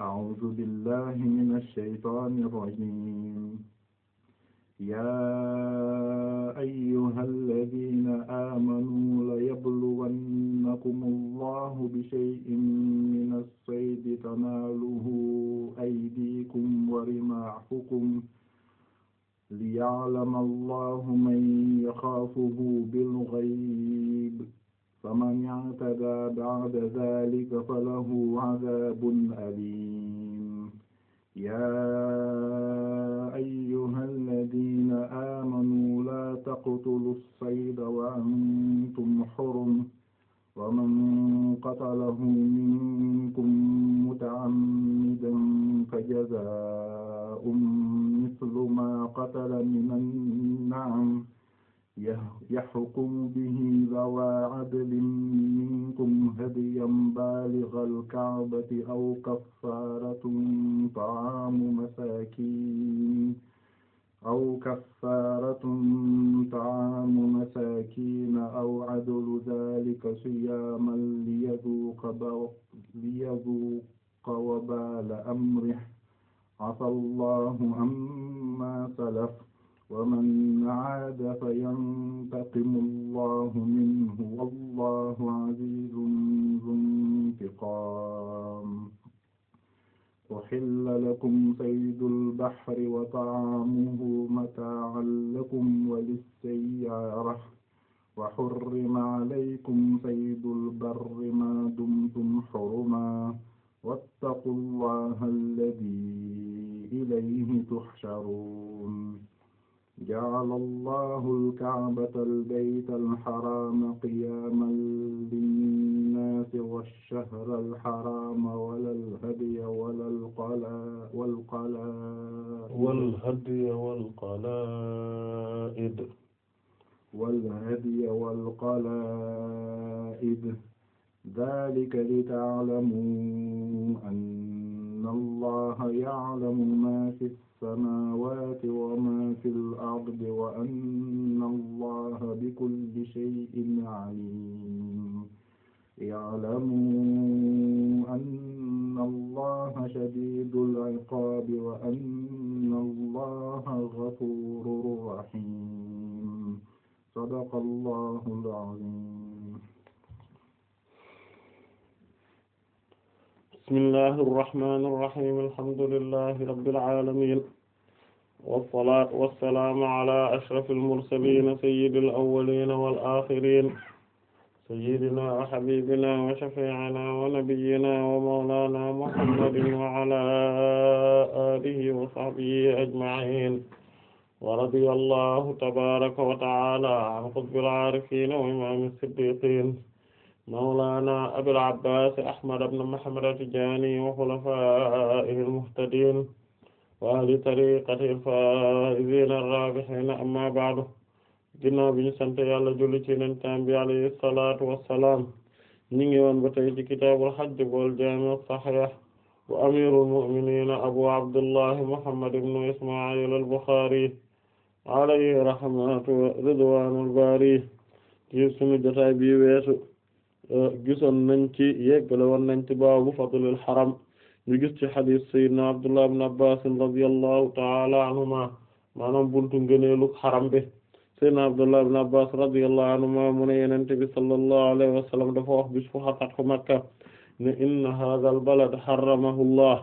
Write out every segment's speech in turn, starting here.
أعوذ بالله من الشيطان الرجيم يا أيها الذين آمنوا ليبلونكم الله بشيء من الصيد تناله أيديكم ورماحكم ليعلم الله من يخافه بالغيب faman i'tadaa ba'da zaalika falahu 'adaabun aliim yaa ayyuhalladhiina aamanuu laa taqtuluu as-sayda wa antum hurum wa man qatalahu minkum muta'ammidan fajazaa'un mithlu maa qatala mina an-na'am يحكم به ذوى عدل منكم هديا بالغ الكعبة أو كفارة طعام مساكين أو كفارة طعام مساكين أو عدل ذلك صياما ليذوق ليذوق وبال أمره عفى الله عما سلف ومن عاد فينتقم الله منه والله عزيز ذو انتقام أحل لكم صيد البحر وطعامه متاعا لكم وللسيارة وحرم عليكم صيد البر ما دمتم حرما واتقوا الله الذي إليه تحشرون جعل الله الكعبة البيت الحرام قياما للناس والشهر الحرام ولا الهدي ولا القلا والقلائد والهدي والقلائد والهدي والقلائد ذلك لتعلموا أن inna allaha ya'lamu ma fi samawati wa ma fi al-ardi wa anna allaha bi kulli shay'in alim ya'lamu anna allaha shadidul 'iqabi wa anna allaha ghafurur rahim sadaqallahul 'azim bismillahi irrahmani irrahim alhamdulillahi rabbil alamin wassalatu wassalamu ala ashrafil mursalin sayyidil awwalin wal akhirin sayyidina wa habibina wa shafi'ina wa nabiyyina wa mawlana muhammadin wa ala alihi wa sahbihi ajma'in wa radiyallahu tabaraka wa ta'ala an qutbil arifin wa imam as-siddiqin mawlana abil abbas ahmad ibn muhammad at-tijani wa khulafaihi al-muhtadin wa ahli tariqati al-faizin ar-rabihin amma ba'du ginnaaw bi ñu sant yàlla julli ci nen tam bi alayhi salatu wassalam ñu ngi woon ba tey ci kitaabul hajj bool jaami sahih wa amirul mu'minin abu abdullah muhammad ibn isma'il al-bukhari alayhi rahmatu ridwanul bari ci sunu jotaay bi weesu gisoon nañ ci yeggale woon nañ ci baabu fadlil xaram ñu gis ci xadiis sayyidina Abdullah ibn Abbas radiyallahu ta'ala anhuma maanaam buntu ngëneelu xaram bi sayyidina Abdullah ibn Abbas radiyallahu anhuma mu ne Yonent bi sallallahu alayhi wa sallam dafa wax bis fu xaqat Makka ne inna haadhal balad harramahu Allah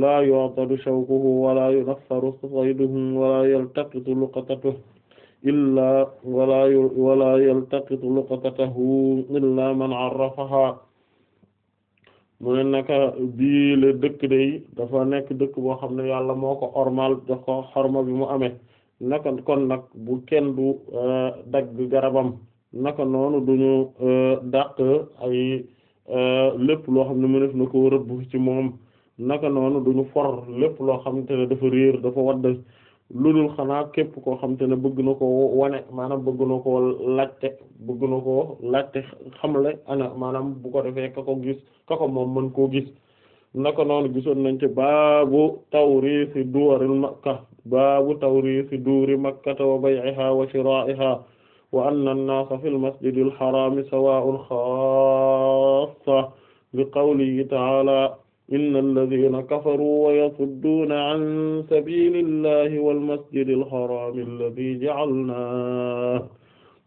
laa yu'tadu shawkuhu wa laa yunaffaru sayduhu wa laa yaltaqitu luqatatuhu illaa walaa walaa yaltaqitu luqatatahu illaa man arrafaha mu ne naka bii la dëkk day dafa nekk dëkk boo xam ne yàlla moo ko ormal jox ko xorma bi mu amee naka kon nag bu kenn du eh, dagg garabam naka noonu duñu eh, dàq ay eh, lépp loo xam ne mu def ko rëbb ci moom naka noonu duñu for lépp loo xam te ne dafa réer dafa wadd ludul xanaa képp koo xamante ne bëgg na ko wane maanaam bëgg na koo laajte bëgg na koo laajte xamle ana maanaam bu ko defee ka ko gis ka ko moom mën koo gis naka noonu gisoon nañ ci baabu tawriisi duwaril makka baabu tawriisi duuri makkata wa bay'iha wa shira'iha wa anna an fil masjidil haraami sawaa'un xaassa li qawlihi ta'ala inna alladhina kafaru wa yasudduna an sabilillahi wal masjidil haram alladhi ja'alnahu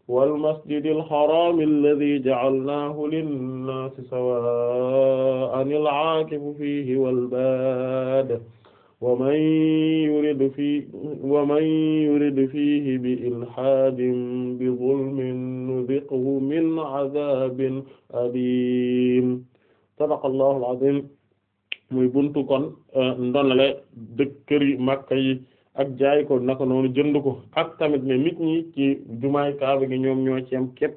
wal masjidil haram alladhi ja'alnahu lin-nasi sawa'anil 'akifu fihi wal bad wa man yurid fi wa man yurid fihi bi ilhaadin bi zulmin nudhiqhu min 'adhabin alim sadaqallahu al-'azim muy buntu kon euh, ndonale dëkk kër yi Makka yi ak jaay ko naka noonu jënd ko ak tamit ne nit ñi ci jumaay kaaba gi ñoom ñoo ci am képp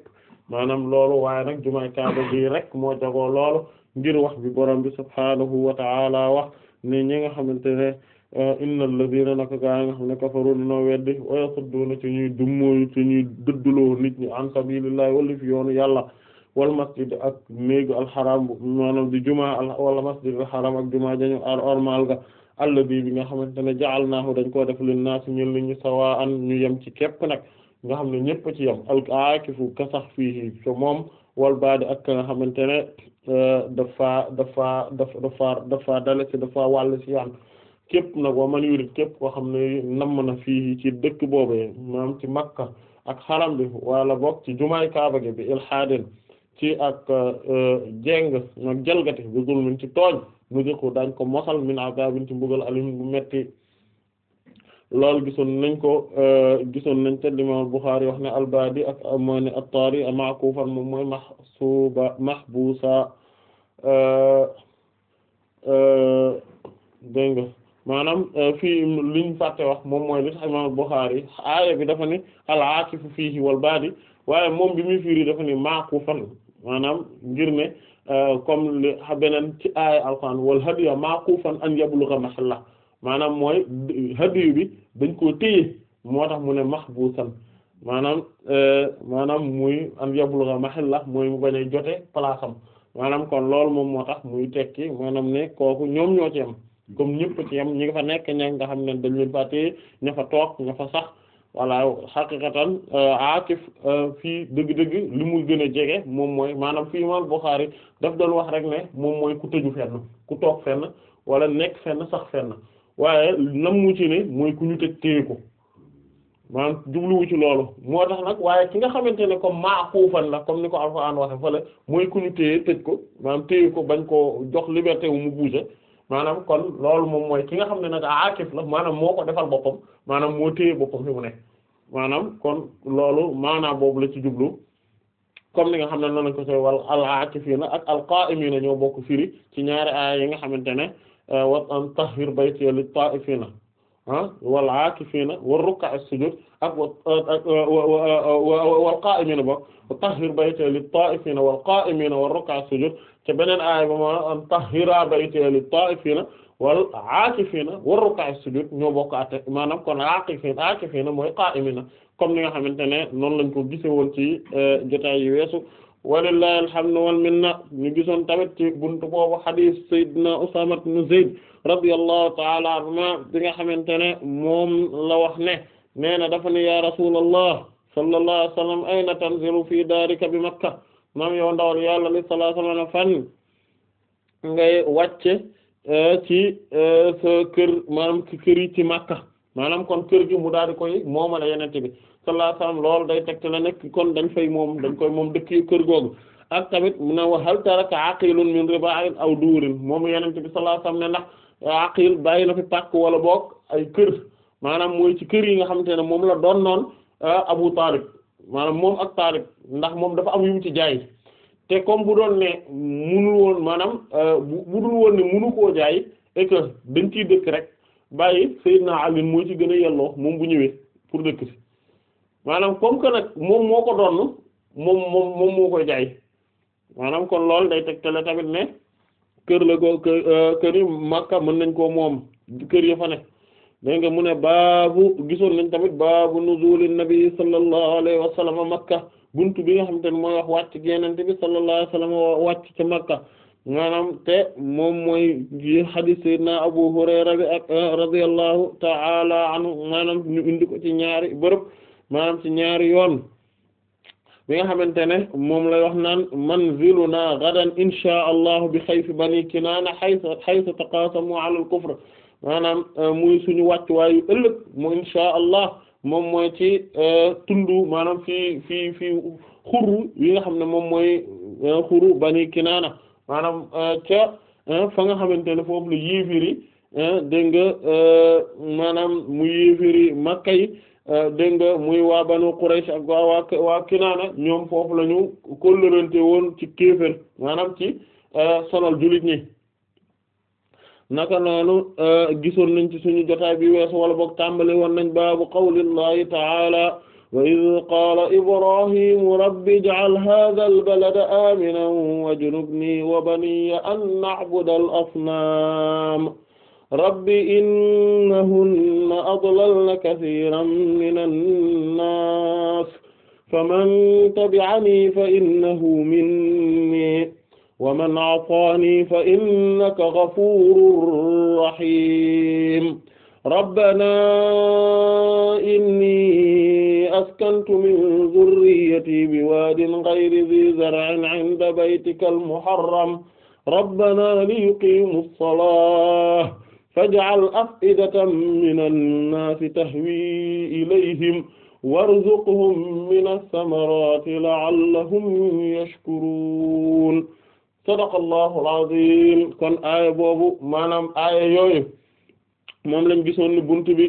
maanaam loolu waaye nag jumaay kaaba gi rek moo jagoo loolu ngir wax bi borom bi subhaanahu wa ta'ala wax ne ñi nga xamante ne euh, innal ladina naka gaa nga xam ne kafaru dinoo weddi wa yasudduna ci ñuy dummóoyu ci ñuy dëdduloo nit ñi an sabilillahi wala fi yoonu yàlla wal masjid ak néegu alxaram bi jumaa juma wala masjid alxaram ak juma jañu ar ormal ga alladi bi nga xamante ne ja'alnaahu dañ koo def lin naas ñel li ñu sawaa an ñu yem ci képp nag nga xam ne ñëpp ci yem al aakifu kasax fii so moom wal baadi ak nga xamante ne e, dafa dafa dafa dafa dafa dale ci dafa wàll ci yaan képp nag wa man yurid képp koo xam ne namm na fii ci dëkk boobee maanaam ci makka ak xaram bi wala bokk ci jumaay kaaba gi bi ilhaadin ci ak euh, jeng ak jalgati bi zulmin ci tooñ mu ko dañ ko mosal min azabin ci mbugal alim bu metti loolu gisoon nañ ko euh, gisoon nañ te imam Bukhari wax ne albadi ak euh, mooy ne at-tari ma'kufan moom mooy mahsuba mahbusa dégg nga maanaam fii liñ fàtte wax moom mooy li tax imam Bukhari aaya bi dafa ni al-aakifu fiihi wal waaye moom bi muy firi dafa ni ma'kufan maanaam ngir ne euh, comme li beneen ci aaya alxuraan wal hadiya maqufan an yablugha mahalla maanaam mooy hadiyu bi dañ koo téye moo tax mu ne mahbusan maanaam euh, maanaam muy an yablugha mahalla mooy mu bañ a jote place am maanaam kon loolu moom moo tax muy tekki maanaam ne kooku ñoom ñoo ci am comme ñëpp ci ñi nga fa nekk ña nga xam ne dañ leen fa fa toog ña fa sax voilà xaqiqatan euh, aatif euh, fii dëgg-dëgg li mu gën a jege moom mooy maanaam fii imaam Buxaari daf doon wax rek ne moom mooy ku tëju fenn ku toog fenn wala nekk fenn sax fenn waaye nam mu ci ne mooy ku ñu tëj téye ko maanaam jubluwu ci loolu moo tax nag waaye ki nga xamante ne comme maaxuufan la comme ni ko Alxuraan waxe fële mooy ku ñu téye tëj ko maanaam téye ko bañ koo jox liberté wu mu bouger maanaam kon loolu moom mooy ki nga xam ne nag aakif la maanaam moo ko defal boppam maanaam moo téye boppam fi mu ne maanaam kon loolu maanaam boobu la ci jublu comme li nga xam ne noonu lañ ko sooy wal al aakifina ak al qaa'imina bokk firi ci ñaari aaya yi nga xamante ne euh, wa an tahhir baytiya ah, wal aakifina war ruk'a sujud ak euh, wa wal qaa'imina ba tahhir baytiya lit taa'ifina wal qaa'imina war ruk'a as-sujud te beneen aaya ba ma an tahira baytiya li ta'ifina wal aakifina war ruk'a sujud ñoo bokk atte maanaam a aakifina aakifina mooy qa'imina comme ni nga xamante ne noonu lañ ko gise woon ci euh, jotaay yi weesu walillahi alhamdu wal minna ñu gisoon tamit ci buntu boobu hadith sayyidina Usaama ibn Zayd radiyallahu ta'ala anhuma bi nga xamante ne moom la wax ne nee na dafa ya rasulallah sallallahu alayhi wa sallam ayna tanzilu fii daarika bi Makka maam yow ndawal yàlla li sallallahu alayhi wasallam fan ngay wàcce eh, ci eh, sa kër maanaam ci kër yi ci Makka maanaam kon kër gi mu daal di koy moomale yenente bi sallallahu alayhi wasallam loolu day tegte la nekk kon dañ fay moom dañ koy moom dëkk kër googu ak tamit mu ne hal taraka aqilun min riba'in aw duurin moom yenente bi sallallahu alayhi wasallam ne ndax aqil bàyyi na fi pàkk wala boog ay kër maanaam mooy ci kër yi nga xamante ne moom la doon noon eh, Abu Talib maanaam moom ak Taalib ndax moom dafa am yu mu ci jaay te comme bu doon ne munul woon maanaam euh, bu dul woon ne munu koo jaay et que dañ ciy dëkk rek bàyyi Seydina Ali moo ci gën a yelloo moom bu ñëwee pour dëkk si maanaam comme que nag moom moo ko doon moom moom moom moo koy jaay maanaam kon loolu day teg tegtale tamit ne kër la ko euh, kër yi Makka mën nañ koo moom kër ya fa ne dégg nga mu ne baabu gisoon nañ tamit baabu nuzuli nabi sallallahu alayhi wa sallam makka buntu bi nga xamante ne mooy wax wàcc yenente bi sallallahu alayhi wa wàcc ca makka maanaam te moom mooy yi hadith sayyidina abu hurayra bi ak eh, radiyallahu ta'ala anhu maanaam ñu indi ko ci ñaari bërëb maanaam ci ñaari yoon bi nga xamante ne moom lay wax naan manziluna gadan insha allah bi xayf bani kinaana haythu haythu taqasamu ala al maanaam euh, muy suñu wàccuwaayu ëllëg mu insha allah moom mooy ci euh, tundu maanaam fii fii fii xuru yi nga xam ne moom mooy euh, xuru bani kinaana maanaam ca fa nga xamante ne foofu la yéefiri dégg nga maanaam mu yéefiri makka yi dégg nga muy waa banu Quraysh waa waa waa kinaana ñoom foofu la ñu kóllërante woon ci kéefër maanaam ci solal jullit ñi naka noonu euh, gisoon nañ ci suñu jotaay bi weesu wala boog tàmbali woon nañ baabu qawlillahi ta'ala wa id qaala ibrahimu rabbi ij'al hadha albalada aminan wajnubnii wa baniya an na'buda al asnaam rabbi innahunna adlalna kathiran min annaas faman tabi'anii fa innahu minnii wa man aataani fa innaka ghafuurun rahiim rabbanaa innii askantu min dhurriyyatii biwaadin ghayri dhii zar'in 'inda baytikal muharram rabbanaa liyuqiimu s-salaata faj'al af'idatan mina n-naasi tahwii ilayhim warzuqhum mina th-thamaraati la'allahum yashkuruun sadaqallahul azim kon aaya boobu maanaam aaya yooyu moom lañ gisoon ni buntu bi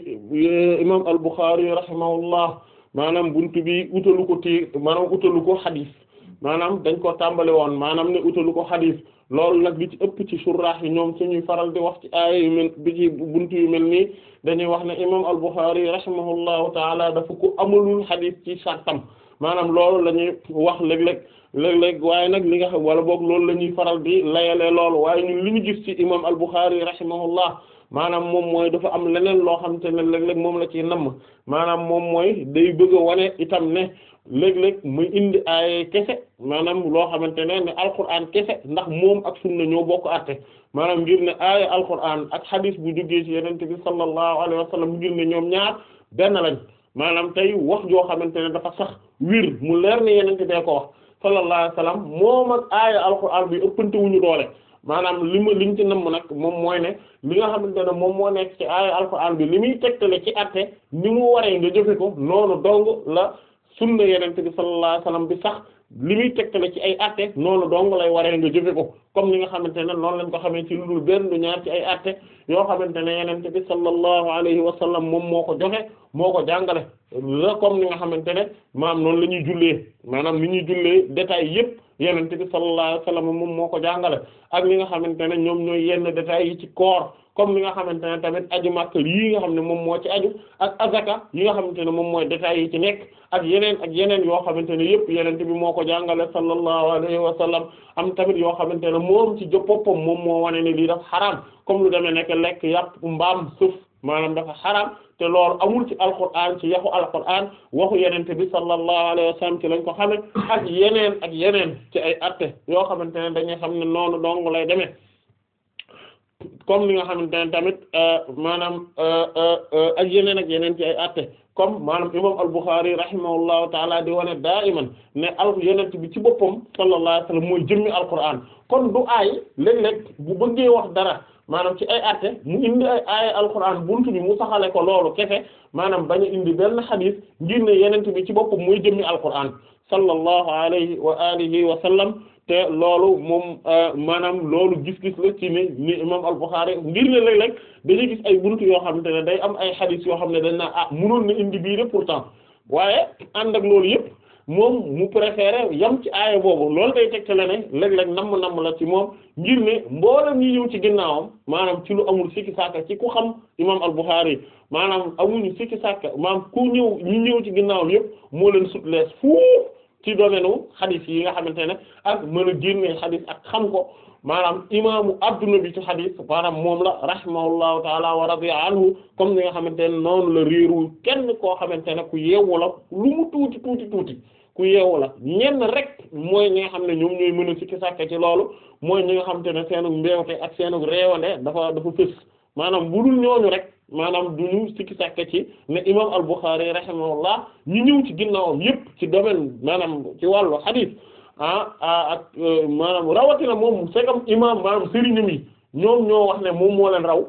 imam al-Bukhari rahimahullah maanaam buntu bi utalu ko ti maanaam utalu ko xadis maanaam dañ ko tàmbali woon maanaam ne utalu ko xadis lool nag li ci ëpp ci surraax yi ñoom suñuy faral di wax ci aaya yu mel bi ci buntu yu mel nii dañuy wax ne imam al-Bukhari rahimahullahu taala dafa ko amulul xadis ci sartam maanaam lool lañuy wax léeg-léeg léeg-léeg waaye nag li nga xam wala boog loolu la ñuy faral di layalee loolu waaye ñun li ñu gis ci imam al-Bukhari rahimahullah maanaam moom mooy dafa am leneen loo xamante ne léeg-léeg moom la ciy namm maanaam moom mooy day bëgg itam ne léeg-léeg muy indi ay kese maanaam loo xamante ne ne alquran kese ndax moom ak sunna ñoo bokk àtte maanaam ngir ne aaya alquran ak hadith bu jógee ci yenente bi sallallahu alayhi wa sallam ngir ne ñoom ñaar benn lañ maanaam tey wax joo xamante ne dafa sax wiir mu leer ne yenente bee ko wax sallallahu alayhi wa sallam moom ak aaya alxuraan bi ëppante ñu doole maanaam li ma liñ ci namm nag moom mooy ne li nga xamante ne moom moo nekk ci aaya alxuraan bi li muy tegtale ci atte ni mu waree nga jëfe ko noonu dong la sunna yenente bi sallallahu alayhi wa sallam bi sax li muy la ci ay atte noonu dong lay waree nga jëfe ko comme ni nga xamante ne noonu lañ ko xamee ci lu dul benn du ñaar ci ay atte yoo xamante ne yenente bi sallallahu alayhi wa sallam moom moo ko joxe moo ko jàngale la comme ni nga xamante ne maanaam noonu la ñuy jullee maanaam ni ñuy jullee détails yépp yeneen bi sallallahu alayhi wa sallam moom moo ko jàngale ak li nga xamante ne ñoom ñooy yenn détails yi ci koor comme li nga xamante ne tamit aju màkk yi moom moo ci aju ak yi nga xamante ne moom mooy détails yi ci nekk ak yeneen ak yeneen yoo xamante ne yëpp yeneen bi moo ko jàngale sallallahu alayhi wa sallam am tamit yoo xamante ne moom ci jëppoppam moom moo wane ne lii dafa xaraam comme lu demee nekk lekk yàpp mbaam suuf maanaam dafa xaraam te loolu amul ci alquran ci yaxu alquran waxu yenente bi sallallahu alayhi wa sallam ci lañ ko xame ak yeneen ak yeneen ci ay atte yoo xamante ne dañuy xam ne noonu dong lay demee comme li nga xamante ne tamit euh, maanaam euh, euh, ak yeneen ak yeneen ci ay atte comme maanaam imam al-Bukhari rahimahullahu taala di wane daiman ne al yonent bi ci boppam sallallahu alayhi wa sallam mooy jëmmi alquran kon du aay léeg-léeg bu bëggee wax dara maanaam ci ay atte mu indi ay aaya alquran buntu mu saxale ko loolu kefe maanaam bañ indi benn xadiis ngir ne yonent bi ci boppam mooy jëmmi alquran sallallahu alayhi wa alihi wa sallam te loolu moom euh, maanaam loolu gis-gis la ci ne ni imam al-Bukhari ngir ne léeg-léeg dañuy gis ay buntu yoo xamante ne day am ay xadiis yoo xam ne dañ naa ah mënoon na indi bii de pourtant waaye ànd ak loolu yëpp moom mu préféré yam ci aaya boobu loolu day tegte tegtale ne léeg-léeg namm namm la ci moom ngir ne mboola ñi ñëw ci ginnaawam maanaam ci lu amul sikki sàkka ci ku xam imam al-Bukhari maanaam amuñu sikki sàkka maanaam ku ñëw ñu ñëw ci ginnaawam yëpp moo leen sutlees ci domaine wu xadis yi nga xamante ne ak mën a génne xadis ak xam ko maanaam imaamu àdduna bi ci xadis maanaam moom la rahimahullahu taala wa radiya anhu comme ni nga xamante ne noonu la réerul kenn koo xamante ne ku yeewu la lu mu tuuti tuuti tuuti ku yeewu la ñenn rek mooy ñi nga xam ne ñoom ñooy mën a sikki sàkk ci loolu mooy ñi nga xamante ne seenu mbeewte ak seenu réewande dafa dafa fës maanaam bu dul ñooñu rek maanaam du ñu sikki sàkka ci ne imam al-Bukhari rahimahullah ñu ñëw ci ginnaawam yépp ci domaine maanaam ci wàllu hadith ah, ah ak euh, maanaam rawatina moom segam imam maanaam sëriñam yi ñoom ñoo wax ne moom moo leen raw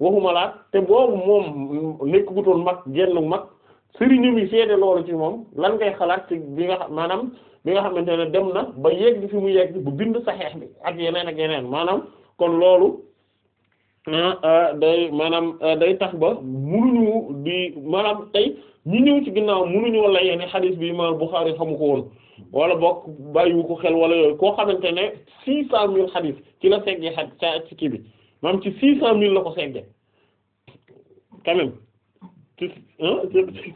waxumalaat te boobu moom nekk gutoon mag genn mag sëriñam yi seede loolu ci moom lan ngay xalaat ci bi nga xam maanaam bi nga xamante ne dem na ba yegg fi mu yegg bu bind saxeex bi ak yeneen ak yeneen maanaam kon loolu Ah, ah, day maanaam ah, day tax ba munuñu di maanaam tey ñu ñëw ci ginnaaw munuñoo layee ne xadis bi ma imaam Buxaari xamu ko woon wala bokk bàyyiwu ko xel wala yooyu koo xamante ne six cent mille xadis ci la seggee xaj ci kii bi maanaam ci six la ko seggee quand même ci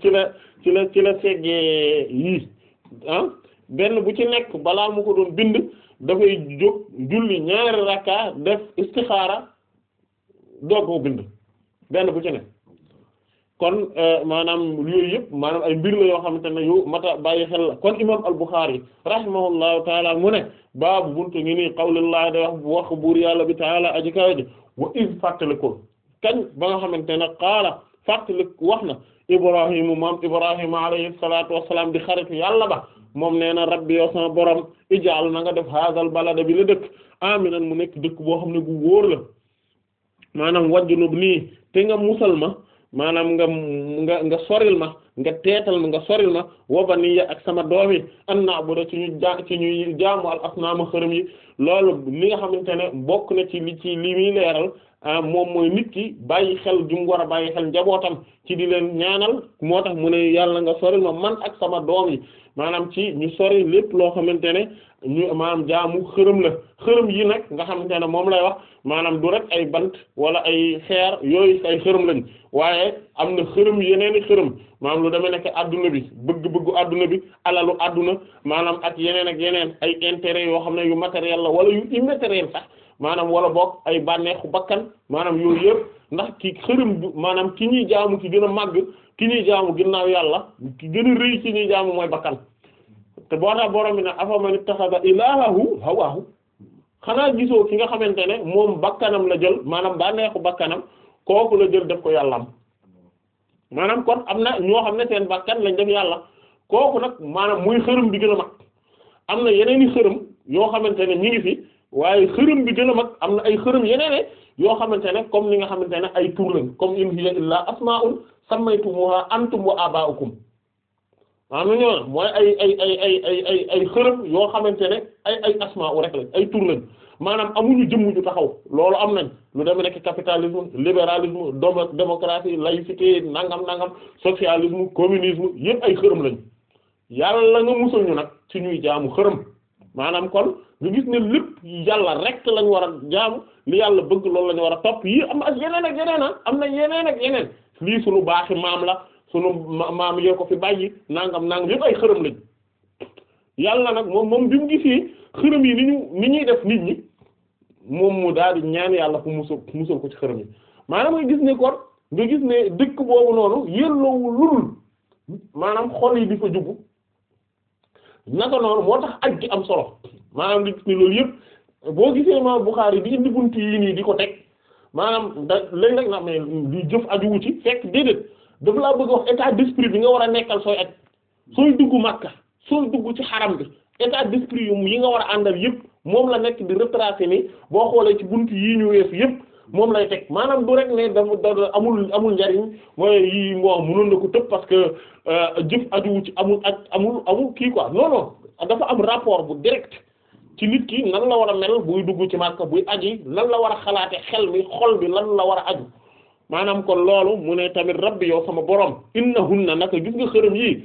ci la ci la ci la seggee yii benn bu ci nekk balaa mu ko doon bind dafay jóg julli ñaari rakka def istixaara doog koo benn bu ci ne kon euh, maanaam yooyu yëpp maanaam ay mbir la yoo xamante ne yu mata bàyyi xel la kon imam al-Bukhari rahimahullahu taala mu ne baabu buntu ngi nii qawlillahi da wax wax buur yàlla bi taala aji ji wa iz fàttalikul kañ ba nga xam ne qaala fàttalik wax na ibrahimu moom ibrahima alayhi salatu wassalam di xaritu yàlla ba moom nee na rabbi yow sama borom ijaal na nga def haazal balada bi la dëkk aminan mu nekk dëkk boo xam ne gu wóor la maanaam wajjunub nii te nga musal ma maanaam nga nga nga soril ma nga teetal ma nga soril ma wobaniya ak sama doom yi an na'budu ci ñu ja ci ñu jaamu al asnaama xërëm yi loolu li nga xamante ne bokk na ci li ci li muy leeral ah, moom mooy nit ki bàyyi xel ju mu war a bàyyi xel njabootam ci di leen ñaanal moo tax mu ne yàlla nga soril ma man ak sama doom yi maanaam ci ñu sori lépp loo xamante ne ñu maanaam jaamu xërëm la xërëm yi nag nga xamante ne moom lay wax maanaam du rek ay bant wala ay xeer yooyu ay xërëm lañ waaye am na xërëm yeneeni xërëm maanaam lu demee nekk adduna bi bëgg-bëggu bi alalu adduna maanaam ak yeneen ak yeneen ay intérêt yoo xam ne yu matériel la wala yu immatériel maanaam wala boog ay bànneexu bakkan maanaam yooyu yëpp ndax ki xërëm bu maanaam ki ñuy jaamu ci gën a màgg ki ñuy jaamu ginnaaw yàlla gën a rëy ki ñuy jaamu mooy bakkan te boo tax borom bi nag afaman ittaxada ilaahahu hawaahu xanaa gisoo ki nga xamante ne moom bakkanam la jël maanaam ba neexu bakkanam kooku la jël def ko yàllam maanaam kon am na ñoo xam ne seen bakkan lañ def yàlla kooku nag maanaam muy xërëm bi gën a mag am na yeneen i xërëm yoo xamante ne ñu ngi fi waaye xërëm bi gën a mag am na ay xërëm yeneen yoo xamante ne comme ni nga xamante ne ay tur lañ comme in hiya illaa asmaa'un sammaytumuhaa antum wa aabaa'ukum maanaam lu ñu wax mooy ay ay ay ay ay ay ay xërëm yoo xamante ne ay ay asmaa u rek lañ ay tur lañ maanaam amuñu jëmm ju taxaw loolu am nañ lu demee nekk capitalisme libéralisme démocratie laïcité nangam nangam socialisme communisme yépp ay xërëm lañ yàlla nga musal ñu nag ci ñuy jaamu xërëm maanaam kon nga gis ne lépp yàlla rek lañ war a jaamu li yàlla bëgg loolu la ñu war a topp yii am ak yeneen ak yeneen am na yeneen ak yeneen lii suñu baaxi maam la. sunu maam yee ko fi bàyyi nangam nangam yëpp ay xërëm lañ yàlla nag moom moom bi mu gisee xërëm yi ni ñu ñuy def nit ñi moom mu daal di ñaan yàlla fu musal ko ci xërëm yi maanaam nga gis ne kon nga gis ne dëkk boobu noonu yelloowu lulul maanaam xol yi di fa juggu naka noonu moo tax aj gi am solo maanaam nga gis ne loolu yëpp boo gisee ma Bukhari di indi bunt yi nii di ko teg maanaam da léeg-léeg na mais di jëf aju wu ci fekk déedéet dafa laa bëgg wax état d'esprit bi nga war a nekkal sooy aj sooy dugg Makka sooy dugg ci xaram bi état d'esprit yu yi nga war a àndal yëpp moom la nekk di retracer ni boo xoolee ci bunt yii ñu weesu yëpp moom lay teg maanaam du rek ne dafa da amul amul njariñ mooy yi moo mënoon na ko tëb parce que euh, jëf ajuwu ci amul ak amul amul kii quoi non non dafa am rapport bu direct ci nit ki nan la war a mel buy dugg ci Makka buy aji lan la war a xalaate xel mi xol bi lan la war a aju maanaam kon loolu mu ne tamit rabbi yow sama borom na naka gis nga xërëm yii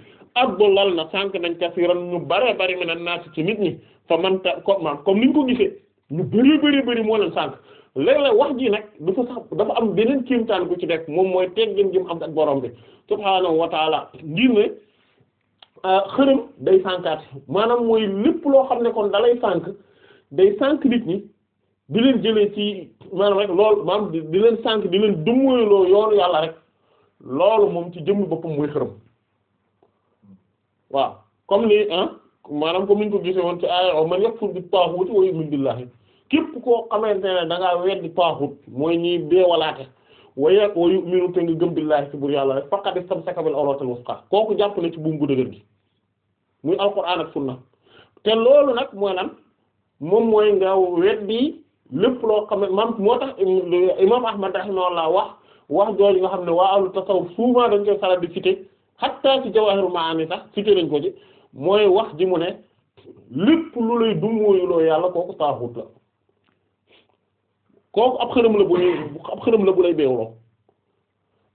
lal na sànq nañ kasiran ñu bare bari mi na naasi ci nit ñi fa manta comme comme niñ ko gisee ñu bëri bëri bëri sànq léeg wax ji nag dafa sax dafa am beneen kiimtaan gu ci nekk moom mooy teggin gi mu am ak boroom bi subhaanahu wa taala ngir ne euh, xërëm day sànkaat maanaam mooy lépp loo xam ne kon dalay sànq day sànq nit ñi di jëlee ci maanaam rek loolu maanaam di leen sànk di leen dumuyuloo yoonu yàlla rek loolu moom ci jëmmi boppam muy xërëm waaw comme ni ah maanaam comme niñ ko gisee ci aaya man yakfur bi taaxut wa yu'min billahi képp koo xamante ne da ngaa weddi taaxut mooy ñi deewalaate waye wa yu'minu te nga gëm billahi ci buur yàlla rek faqad istamsaka bil urwatil wusqa kooku jàpp na ci buum gu dëgër gi muy alquran ak sunna te loolu nag mooy lan moom mooy nga weddi lépp loo xam ne maam moo tax imam Ahmad rahimahullah wax wax jooju nga xam ne waa ahlu tasawuf souvent dañ koy faral di cité hatta ci Jawahirul Maani sax cité lañ ko ci mooy wax ji mu ne lépp lu lay dummóoyuloo yàlla kooku taaxut la kooku ab xërëm la bu ñuy ab xërëm la bu lay beewloo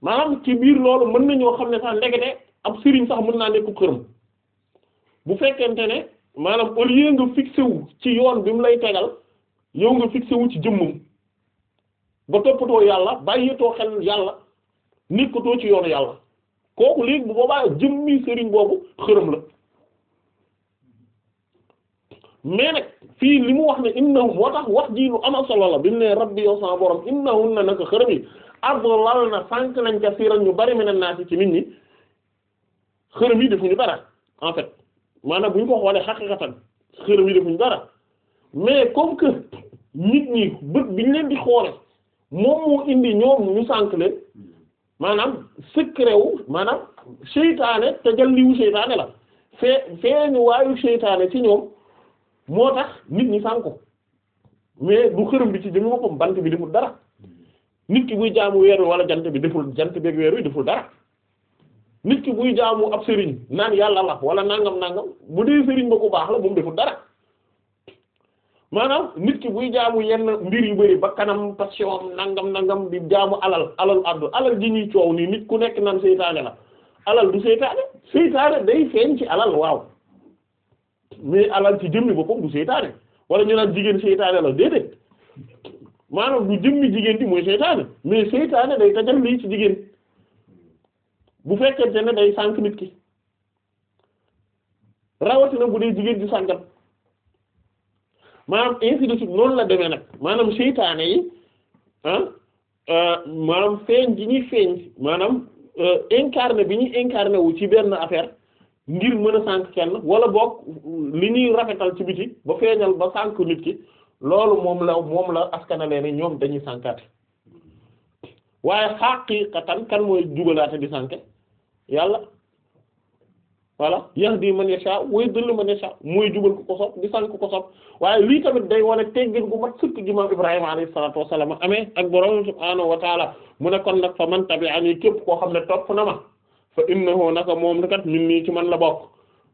maanaam ci biir loolu mën nañoo xam ne sax ndekete ab sëriñ sax mën naa nekku xërëm bu fekkente ne maanaam au lieu nga fixé wu ci yoon bi mu lay tegal yow nga fixé wu ci jëmmam ba toppatoo yàlla bàyyitoo xel yàlla nekkatoo ci yoonu yàlla kooku léegi bu boobaa jëmmi sëriñ boobu xërëm la mais nag fii li mu wax ne innahum moo tax wax ji lu amal solo la bi mu ne rabbi yow sama borom innahum na naka xërëm yi adlal na sànq nañ ka siiran ñu bari mën naa ci nit ñi xërëm yi defuñu dara en fait maanaam bu ñu ko xoolee xaqiqatan xërëm yi defuñu dara mais comme que nit ñi bët biñ leen di xoole moom moo indi ñoom ñu sànk leen maanaam secret wu maanaam seytaane te jalliwu seytaane la fee feeñu waayu seytaane ci ñoom moo tax nit ñi sànku mais du xërëm bi ci jëmmi boppam bant bi deful dara nit ki buy jaamu weeru wi wala jant bi deful jant beeg weer wi deful dara nit ki buy jaamu ab sëriñ naan yàlla la wala nangam nangam bu dee sëriñ ba ko baax la moom deful dara maanaam nit ki buy jaamu yenn mbir yu bari ba kanam passion nangam nangam di jaamu alal alal addu alal ji ñuy coow nii nit ku nekk nan seytaane la alal du seytaane seytaane day feeñ ci alal waaw mais alal ci jëmmi boppam du seytaane wala ñu naan jigéen seytaane la déedéet maanaam du jëmmi jigéen di mooy seytaane mais seytaane day tajal lii ci jigéen bu fekkente ne day sànk nit ki rawatina bu dee jigéen di sàngal maanaam ainsi noonu la demee nag maanaam seytaane yi ah euh, feeñ gi ñuy feeñ maanaam euh, incarné bi ñuy incarné wu ci benn affaire ngir mën a sànq kenn wala boog li ñuy rafetal ci biti ba feeñal ba sànq nit ki loolu moom la moom la askanale ne ñoom dañuy sànkaate waaye xaqiqatan kan mooy jubalaate di sànke yàlla voilà yahdi man yasha wa yudillu man yasha mooy jubal ku ko sopp di sànq ku ko sopp waaye lii tamit day wane teggin gu mat sëkk gi maam Ibrahima alayhi salaatu wa salaam amee ak borom subhaanahu wa taala mu ne kon nag fa man tabi'ani képp koo xam ne topp na ma fa innahu naka moom kat min nii ci man la bokk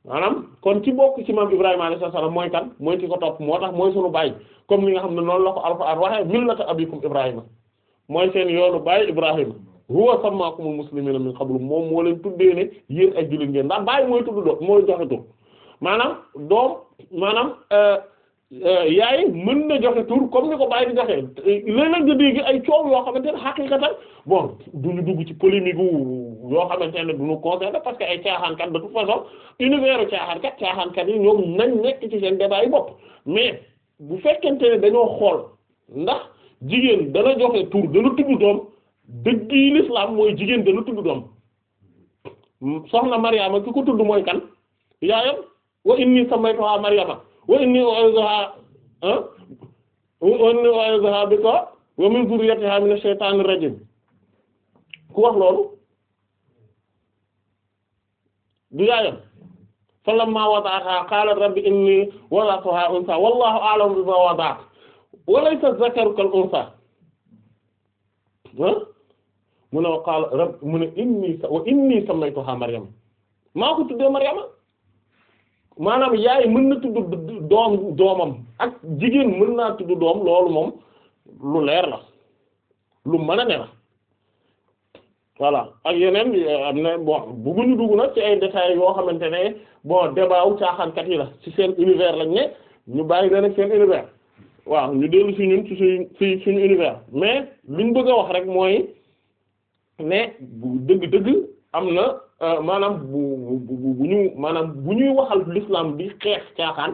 maanaam kon ci bokk ci maam Ibrahima alayhi salaam mooy kan mooy ki ko topp moo tax mooy sunu baay comme li nga xam ne noonu la ko Alxuraan waxee millata abikum Ibrahima mooy seen yoonu baay Ibrahima. huwa sammaakumul muslimiina min qablu moom moo leen tuddee ne yéen ay jullit ngeen ndax bàyyi mooy tudd do mooy joxe tur maanaam doom maanaam euh, euh, yaay mën na joxe tur comme ni ko bàyyi di joxe léeg-léeg nga dégg ay coow yoo xamante ne xaqiiqatan du ñu dugg ci polémique wu yoo xamante ne duñu concerné parce que ay caaxaankat de toute façon univers caaxaankat caaxaankat yi ñoom nañ nekk ci seen débat yi bopp mais bu fekkente ne dañoo xool ndax jigéen dana joxe tur dana tudd doom dëgg yi l'islam mooy jigéen dana tudd doom soxna Mariama ki ko tudd mooy kan yaayam wa inni samaytuha Mariama wa ah? wa inni u'izuha bika wa min zurriyatiha min ash-shaytanir rajim ku wax loolu du yaayam falamma wada'aha qalat rabbi inni wada'tuha unsa wallahu a'lamu bima wada'at wa laysa adh kal-unsa mu ne wa qaala mu ne inni wa inni sammaytuha Maryam maa ko tuddee Maryama maanaam yaay mën na tudd doom doomam ak jigéen mën naa tudd doom loolu moom lu leer la lu mën a ne la voilà ak yeneen am na bon na dugg ci ay détails yoo xamante ne bon débat wu caaxaankat yi la ci seen univers lañ ne ñu bàyyi leen ak seen univers waaw ñu dellu si ñun ci suñu univers mais luñ bëgg a wax rek mooy. ne bu dëgg-dëgg am na euh, maanaam bu bu bu ñu maanaam bu ñuy waxal l'islam bi xeex caaxaan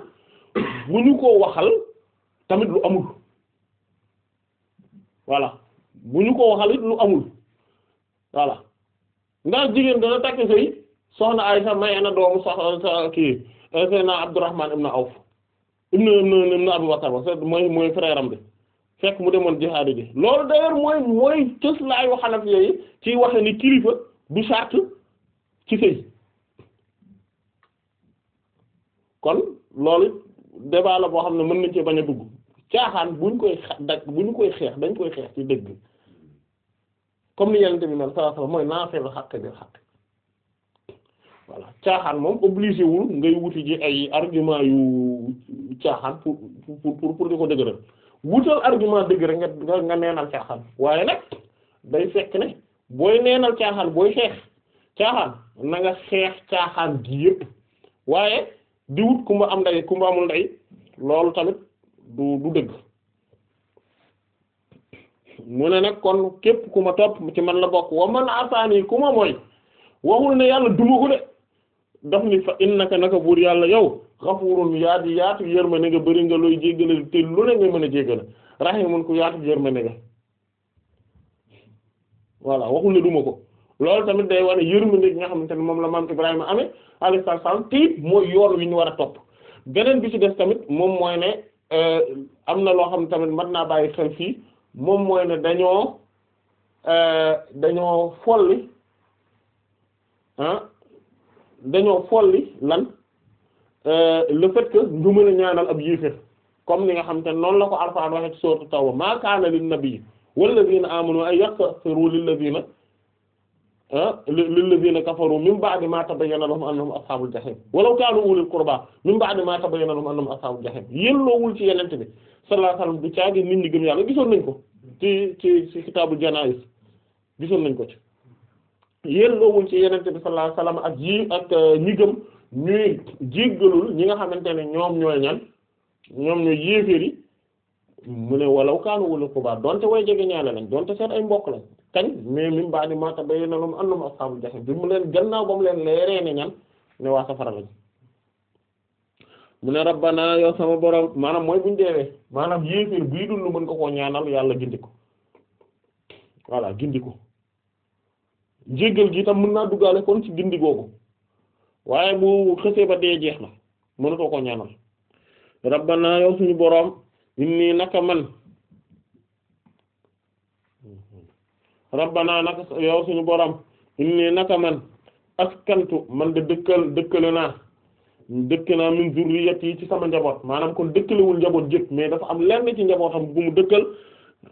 bu ñu ko waxal tamit lu amul voilà bu ñu ko waxal it lu amul voilà ndax jigéen dana takk sëy soxna Aysa maye na doomu soxna kii euh, Seydina Abdurrahman ibn mooy mooy frère bi fekk mu demoon jihaad ji loolu d'ailleurs mooy mooy cëslaayu xanaf yooyu ciy waxe ni kilifa du sart ci sëy kon loolu débat boo xam ne mën nañ ci bañ a dugg caaxaan buñ koy daj buñ koy xeex dañ koy xeex ci dëgg comme ni yenente bi mel saa saa mooy naafeel xaq bi xaq voilà caaxaan moom obligé wul ngay wuti ji ay argument yu caaxaan pour pour pour di ko dëgëral wutal argument dëgg rek nga nga neenal caaxaan waaye nag day fekk ne booy neenal caaxaan booy xeex caaxaan nanga xeex caaxaan gi yëpp waaye di wut kumba am ndey kumba amul ndey loolu tamit du du dëgg mu ne nag kon képp ku ma topp ci man la bokk wa man asaani ku ma mooy waxul ne yàlla duma ko de daf ni fa innaka naka buur yàlla yow xafuurun yaatu yaatu yërmande nga bari nga looy jéggale te lu ne nga mën a jéggale rahimun ku yaatu yërmande nga voilà waxul la duma ko loolu tamit day wane yërmande gi nga xamante ne moom la maam Ibrahima amee alayhi salaam te it mooy yoon wi ñu war a topp beneen bi ci des tamit moom mooy ne euh, am na loo xam tamit mën naa bàyyi xel fii moom mooy ne dañoo euh, dañoo folli ah dañoo folli lan. Euh, le fait que nga a ñaanal ab yéefér comme ni nga xam te noonu la ko Alxuraan waxe ci sourate Tawba maa kaana lin nabiyyi wallazina amanu ay yastaghfiru lillazina ah, lillazina kafaru min ba'di ma tabayyana lahum annahum ashabul jahim walaw kaanu ulil qurba min ba'di ma tabayyana lahum annahum ashabul jahim yelloowul ci yenente bi sallallahu alayhi wasallam du caagi nit ñi yàlla gisoon nañ ko ci ci kitaabul janaa'is gisoon nañ ko ci yelloowul ci yenente bi sallallahu alayhi ak yi ak euh, ñi ñuy jéggalul ñi nga xamante ne ñoom ñooy ñan ñoom ñooy yéeféeri mu ne walaw kaanu wala xubaa donte way jege ñaale lañ donte seen ay mbokk la kañ mais min ba'di maa tabayyana lahum annahum ashaabul jahiim bi mu leen gannaaw ba mu leen leeree ne ñan ne waa safara lañ mu ne rabbana yow sama borom maanaam mooy buñ deewee maanaam yéeféer buy dund mën ko koo ñaanal yàlla gindi ko voilà gindi ko jéggal gi itam mën naa duggaale kon ci gindi googu waaye bu xësee ba dee jeex na mënatoo ko ñaanal rabbana yow suñu borom inni naka man rabbana naka yow suñu boroom inni naka man askantu man de dëkkal dëkkale naa dëkk naa min zurriyat yi ci sama njaboot maanaam kon dëkkalewul njaboot jëpp mais dafa am lenn ci njabootam bu mu dëkkal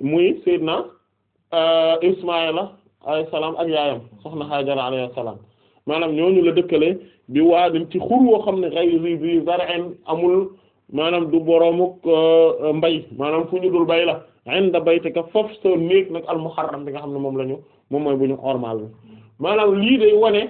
muy Seydina euh, Ismaïla alayhi salaam ak yaayam soxna Haajara alayhi salaam maanaam ñooñu la dëkkale bi waadin ci xur woo xam ne xay ri bi zar'in amul maanaam du boromuk euh, mbay maanaam fu ñu dul bay la da bay baytika foofu sa néeg nag al muharram bi nga xam ne moom la ñu moom mooy bu ñu ormal bi maanaam lii day wane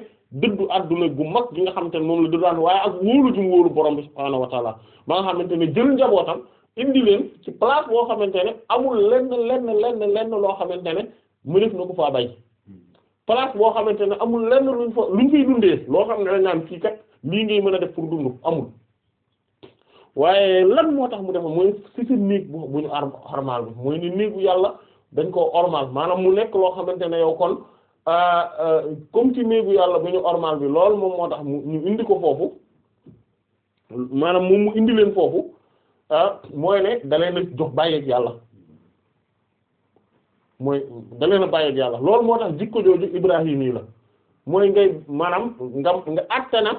dëddu adduna gu mag bi nga xamante ne moom la dëddaan waaye ak wóolu ju wóoru wóolu borom bi subhaanahu wa taala ba nga xamante ne jël njabootam indi leen ci place boo xamante ne amul lenn lenn lenn lenn loo xamante ne mu def na ko bay place boo xamante ne amul lenn luñ fa luñ fiy dundee loo xam ne dañ naan kii kat lii ngay mën a def pour dund amul waaye lan moo tax mu def mooy si bu ñu xarmaal bi mooy ni néegu yàlla dañ ko ormal maanaam mu nekk loo xamante ne yow kon euh, euh, comme ci néegu yàlla bu ñu ormal bi loolu moom moo tax mu ñu indi ko foofu maanaam moom mu indi leen foofu euh, mooy ne da leen jox bàyyeeg yàlla mooy da leen a bàyyi ak yàlla loolu moo tax jikko jooju Ibrahim yi la mooy ngay maanaam nga nga attana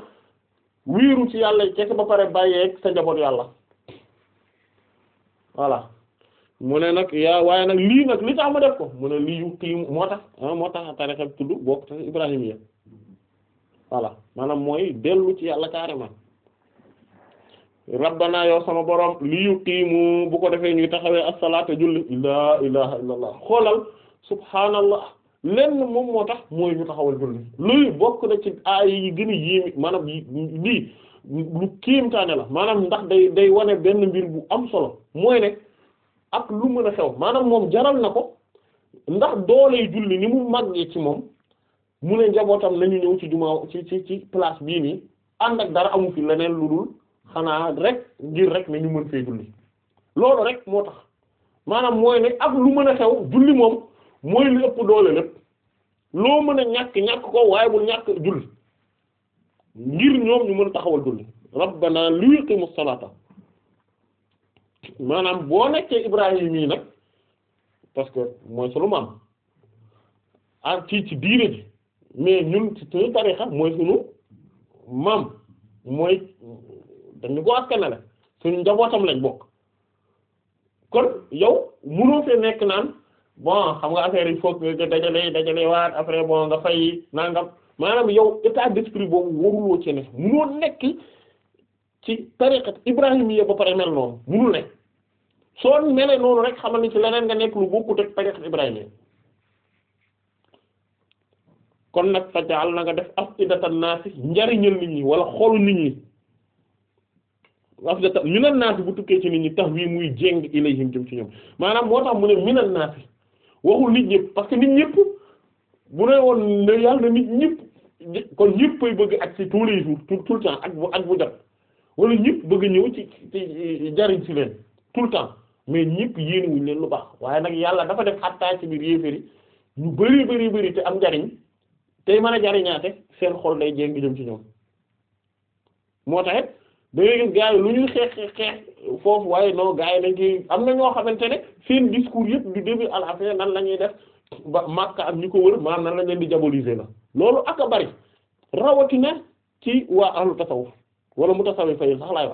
wiiru ci yàlla kese ba pare bàyyeeg sa njaboot yàlla voilà mu ne nag yaa waaye nag lii nag li tax ma def ko mu ne lii yu kii moo tax ah, moo tax tarixa tudd bokk tax Ibrahim yi voilà maanaam mooy dellu ci yàlla carrément rabbana yow sama borom li yuqiimu bu ko defee ñu taxawee as-salaata julli laa ilaha illa allah xoolal subhaanallah lenn moom moo tax mooy ñu taxawal julli luy bokk na ci aay yi gën a yéemi maanaam lii lu kéemtaane la maanaam ndax day day wane benn mbir bu am solo mooy ne ak lu mën a xew maanaam moom jaral na ko ndax dooley julli ni mu màggee ci moom mu ne njabootam nañu ñëw ci jumaa ci ci ci place bii nii ànd ak dara amu fi leneen lu dul xanaa rek ngir rek ne ñu mën fee julli loolu rek moo tax maanaam mooy ne ak lu mën a xew julli moom mooy lépp doole lépp loo mën a ñàkk ñàkk ko waaye bul ñàkk julli ngir ñoom ñu mën a taxawal julli rabbana li yuqimu salata maanaam boo nekkee ibrahim yi nag parce que mooy sunu maam ci ci mais ñun ci suñu mooy sunu maam mooy dañu ko askanale suñu njabootam lañ bokk kon yow mënoo fee nekk naan bon xam nga affaire yi foog nga dajale dajale waat après bon nga fay nangam maanaam yow état d'esprit boobu waruloo ci ne mënoo nekk ci tariqat ibrahimiyya ba pare mel noonu mënul ne soo melee noonu rek xamal ni ci leneen nga nekk lu bokkut ak tariqat ibrahimiyya kon nag fa jaal na nga def afidatan naasi njariñal nit ñi wala xolu nit ñi af da ta minan naasi bu tukkee ci nit ñi tax wii muy jéng i jëm ci ñoom maanaam moo mu ne minan naasi waxul nit ñëpp parce que nit ñëpp bu ne woon na nit ñëpp kon ñëpp ay bëgg ak ci les jours tout tout le ak bu ak bu jot wala ñëpp bëgg a ci ci jariñ ci leen tout le temps mais ñëpp yéen wuñ leen lu baax waaye nag yàlla dafa def xattaa ci biir yéeféri ñu bari bari bari te am njariñ tey mën a jariñaate seen xol day jéng jëm ci ñoom moo taxit da ngay yi lu ñuy xeex xeex xeex foofu waaye non gars yi dañ am na ñoo xamante ne seen discours yëpp du début à la nan la ñuy def ba Makka ak ko wër maanaam nan lañ leen di diaboliser la loolu ak a bari rawatina ci waa ahlu wala mu tasawwi fay sax laay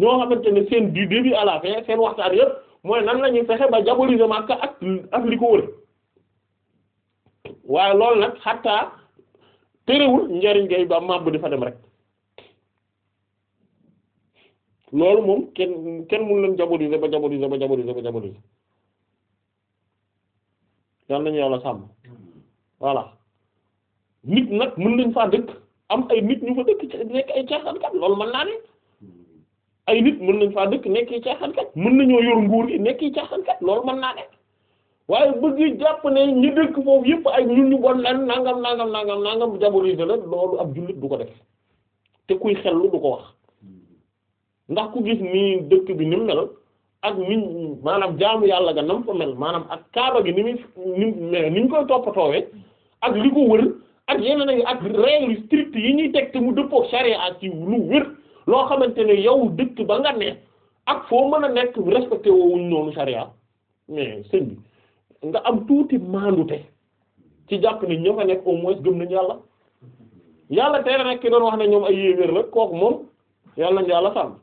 xamante ne seen du début à waxtaan yëpp mooy nan la ñuy fexe ba diaboliser Makka ak ak li ko wër waaye loolu nag xataa terewul njariñ ngay ba màbb di fa dem rek. loolu moom kenn kenn mënu leen jaboliser ba jaboliser ba jaboliser ba jaboliser yal nañu yàlla sàmm voilà nit nag mën nañ faa dëkk am ay nit ñu fa dëkk nekk ay caaxaankat loolu mën naa ne ay nit mën nañ faa dëkk nekk yi caaxaankat mën nañoo yor nguur yi nekk yi caaxaankat loolu mën naa ne waaye bëgg jàpp ne ñi dëkk foofu yëpp ay ñun ñu bon leen nangam nangam nangam nangam jaboliser la loolu ab jullit du ko def te kuy xellu du ko wax ndax ku gis nii dëkk bi ni mu mel ak niñ maanaam jaamu yàlla nga nam fa mel maanaam ak kaaba gi ni muy ni ñu koy toppatoowee ak li ko wër ak yeneen ak règle stricte yi ñuy teg te mu dëppoo charia ci lu wër loo xamante ne yow dëkk ba nga ne ak foo mën a nekk respecté woowuñ noonu charia mais sëñ bi nga am tuuti maandute ci jàpp ni ñoo fa nekk au moins gëm nañ yàlla yàlla teel a nekk ki doon wax ne ñoom ay yéeméer la kooku moom yàlla nañu yàlla sàmm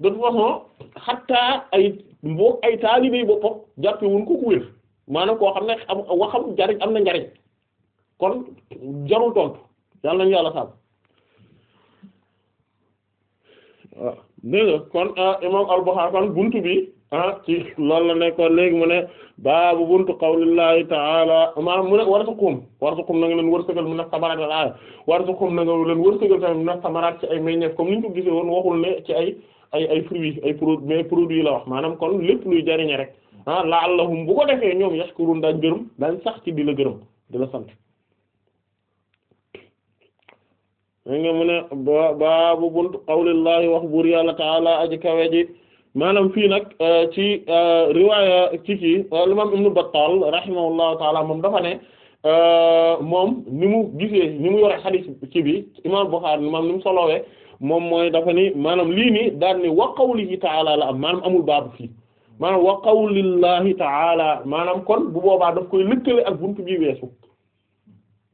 de toute façon xattaa ay mboo ay taalibe boppam jàppe ku wér maanaam koo xam ne am na njariñ kon jarul tontu yàlla nañu yàlla sàmm ah, kon ah, imam al kon buntu bi ah ci loolu la nekkoon léegi mu ne baabu buntu qawlillahi taala maanaam mu ne warzuqhum warzuqhum na nga leen wërsëgal mina samaraat wal aaya warzuqhum na nga leen wërsëgal tamit mina samaraat ci ay meññeef comme ni ñu ko gisee woon waxul ne ci ay ay ay fruits ay pro mais produits la wax maanaam kon lépp luy jariñe rek ah la'allahum bu ko defee ñoom yashkurun daañ gërëm daañ sax ci di la gërëm di la sant da nga mu ne baabu buntu qawlillahi wax buur yàlla taala aji kawe ji maanaam fii nag euh, ci euh, riwaaya ci kii euh, imam Ibn Battal rahimahullahu taala moom dafa ne moom ni mu gisee ni mu yore xadiis ci bi imam Bukhari maanaam ni mu solowee moom mooy dafa ni maanaam lii nii daan ni wa qawlihi taala la am maanaam amul baabu fii maanaam wa qawlillahi taala maanaam kon bu boobaa daf koy lëkkale ak buntu bi weesu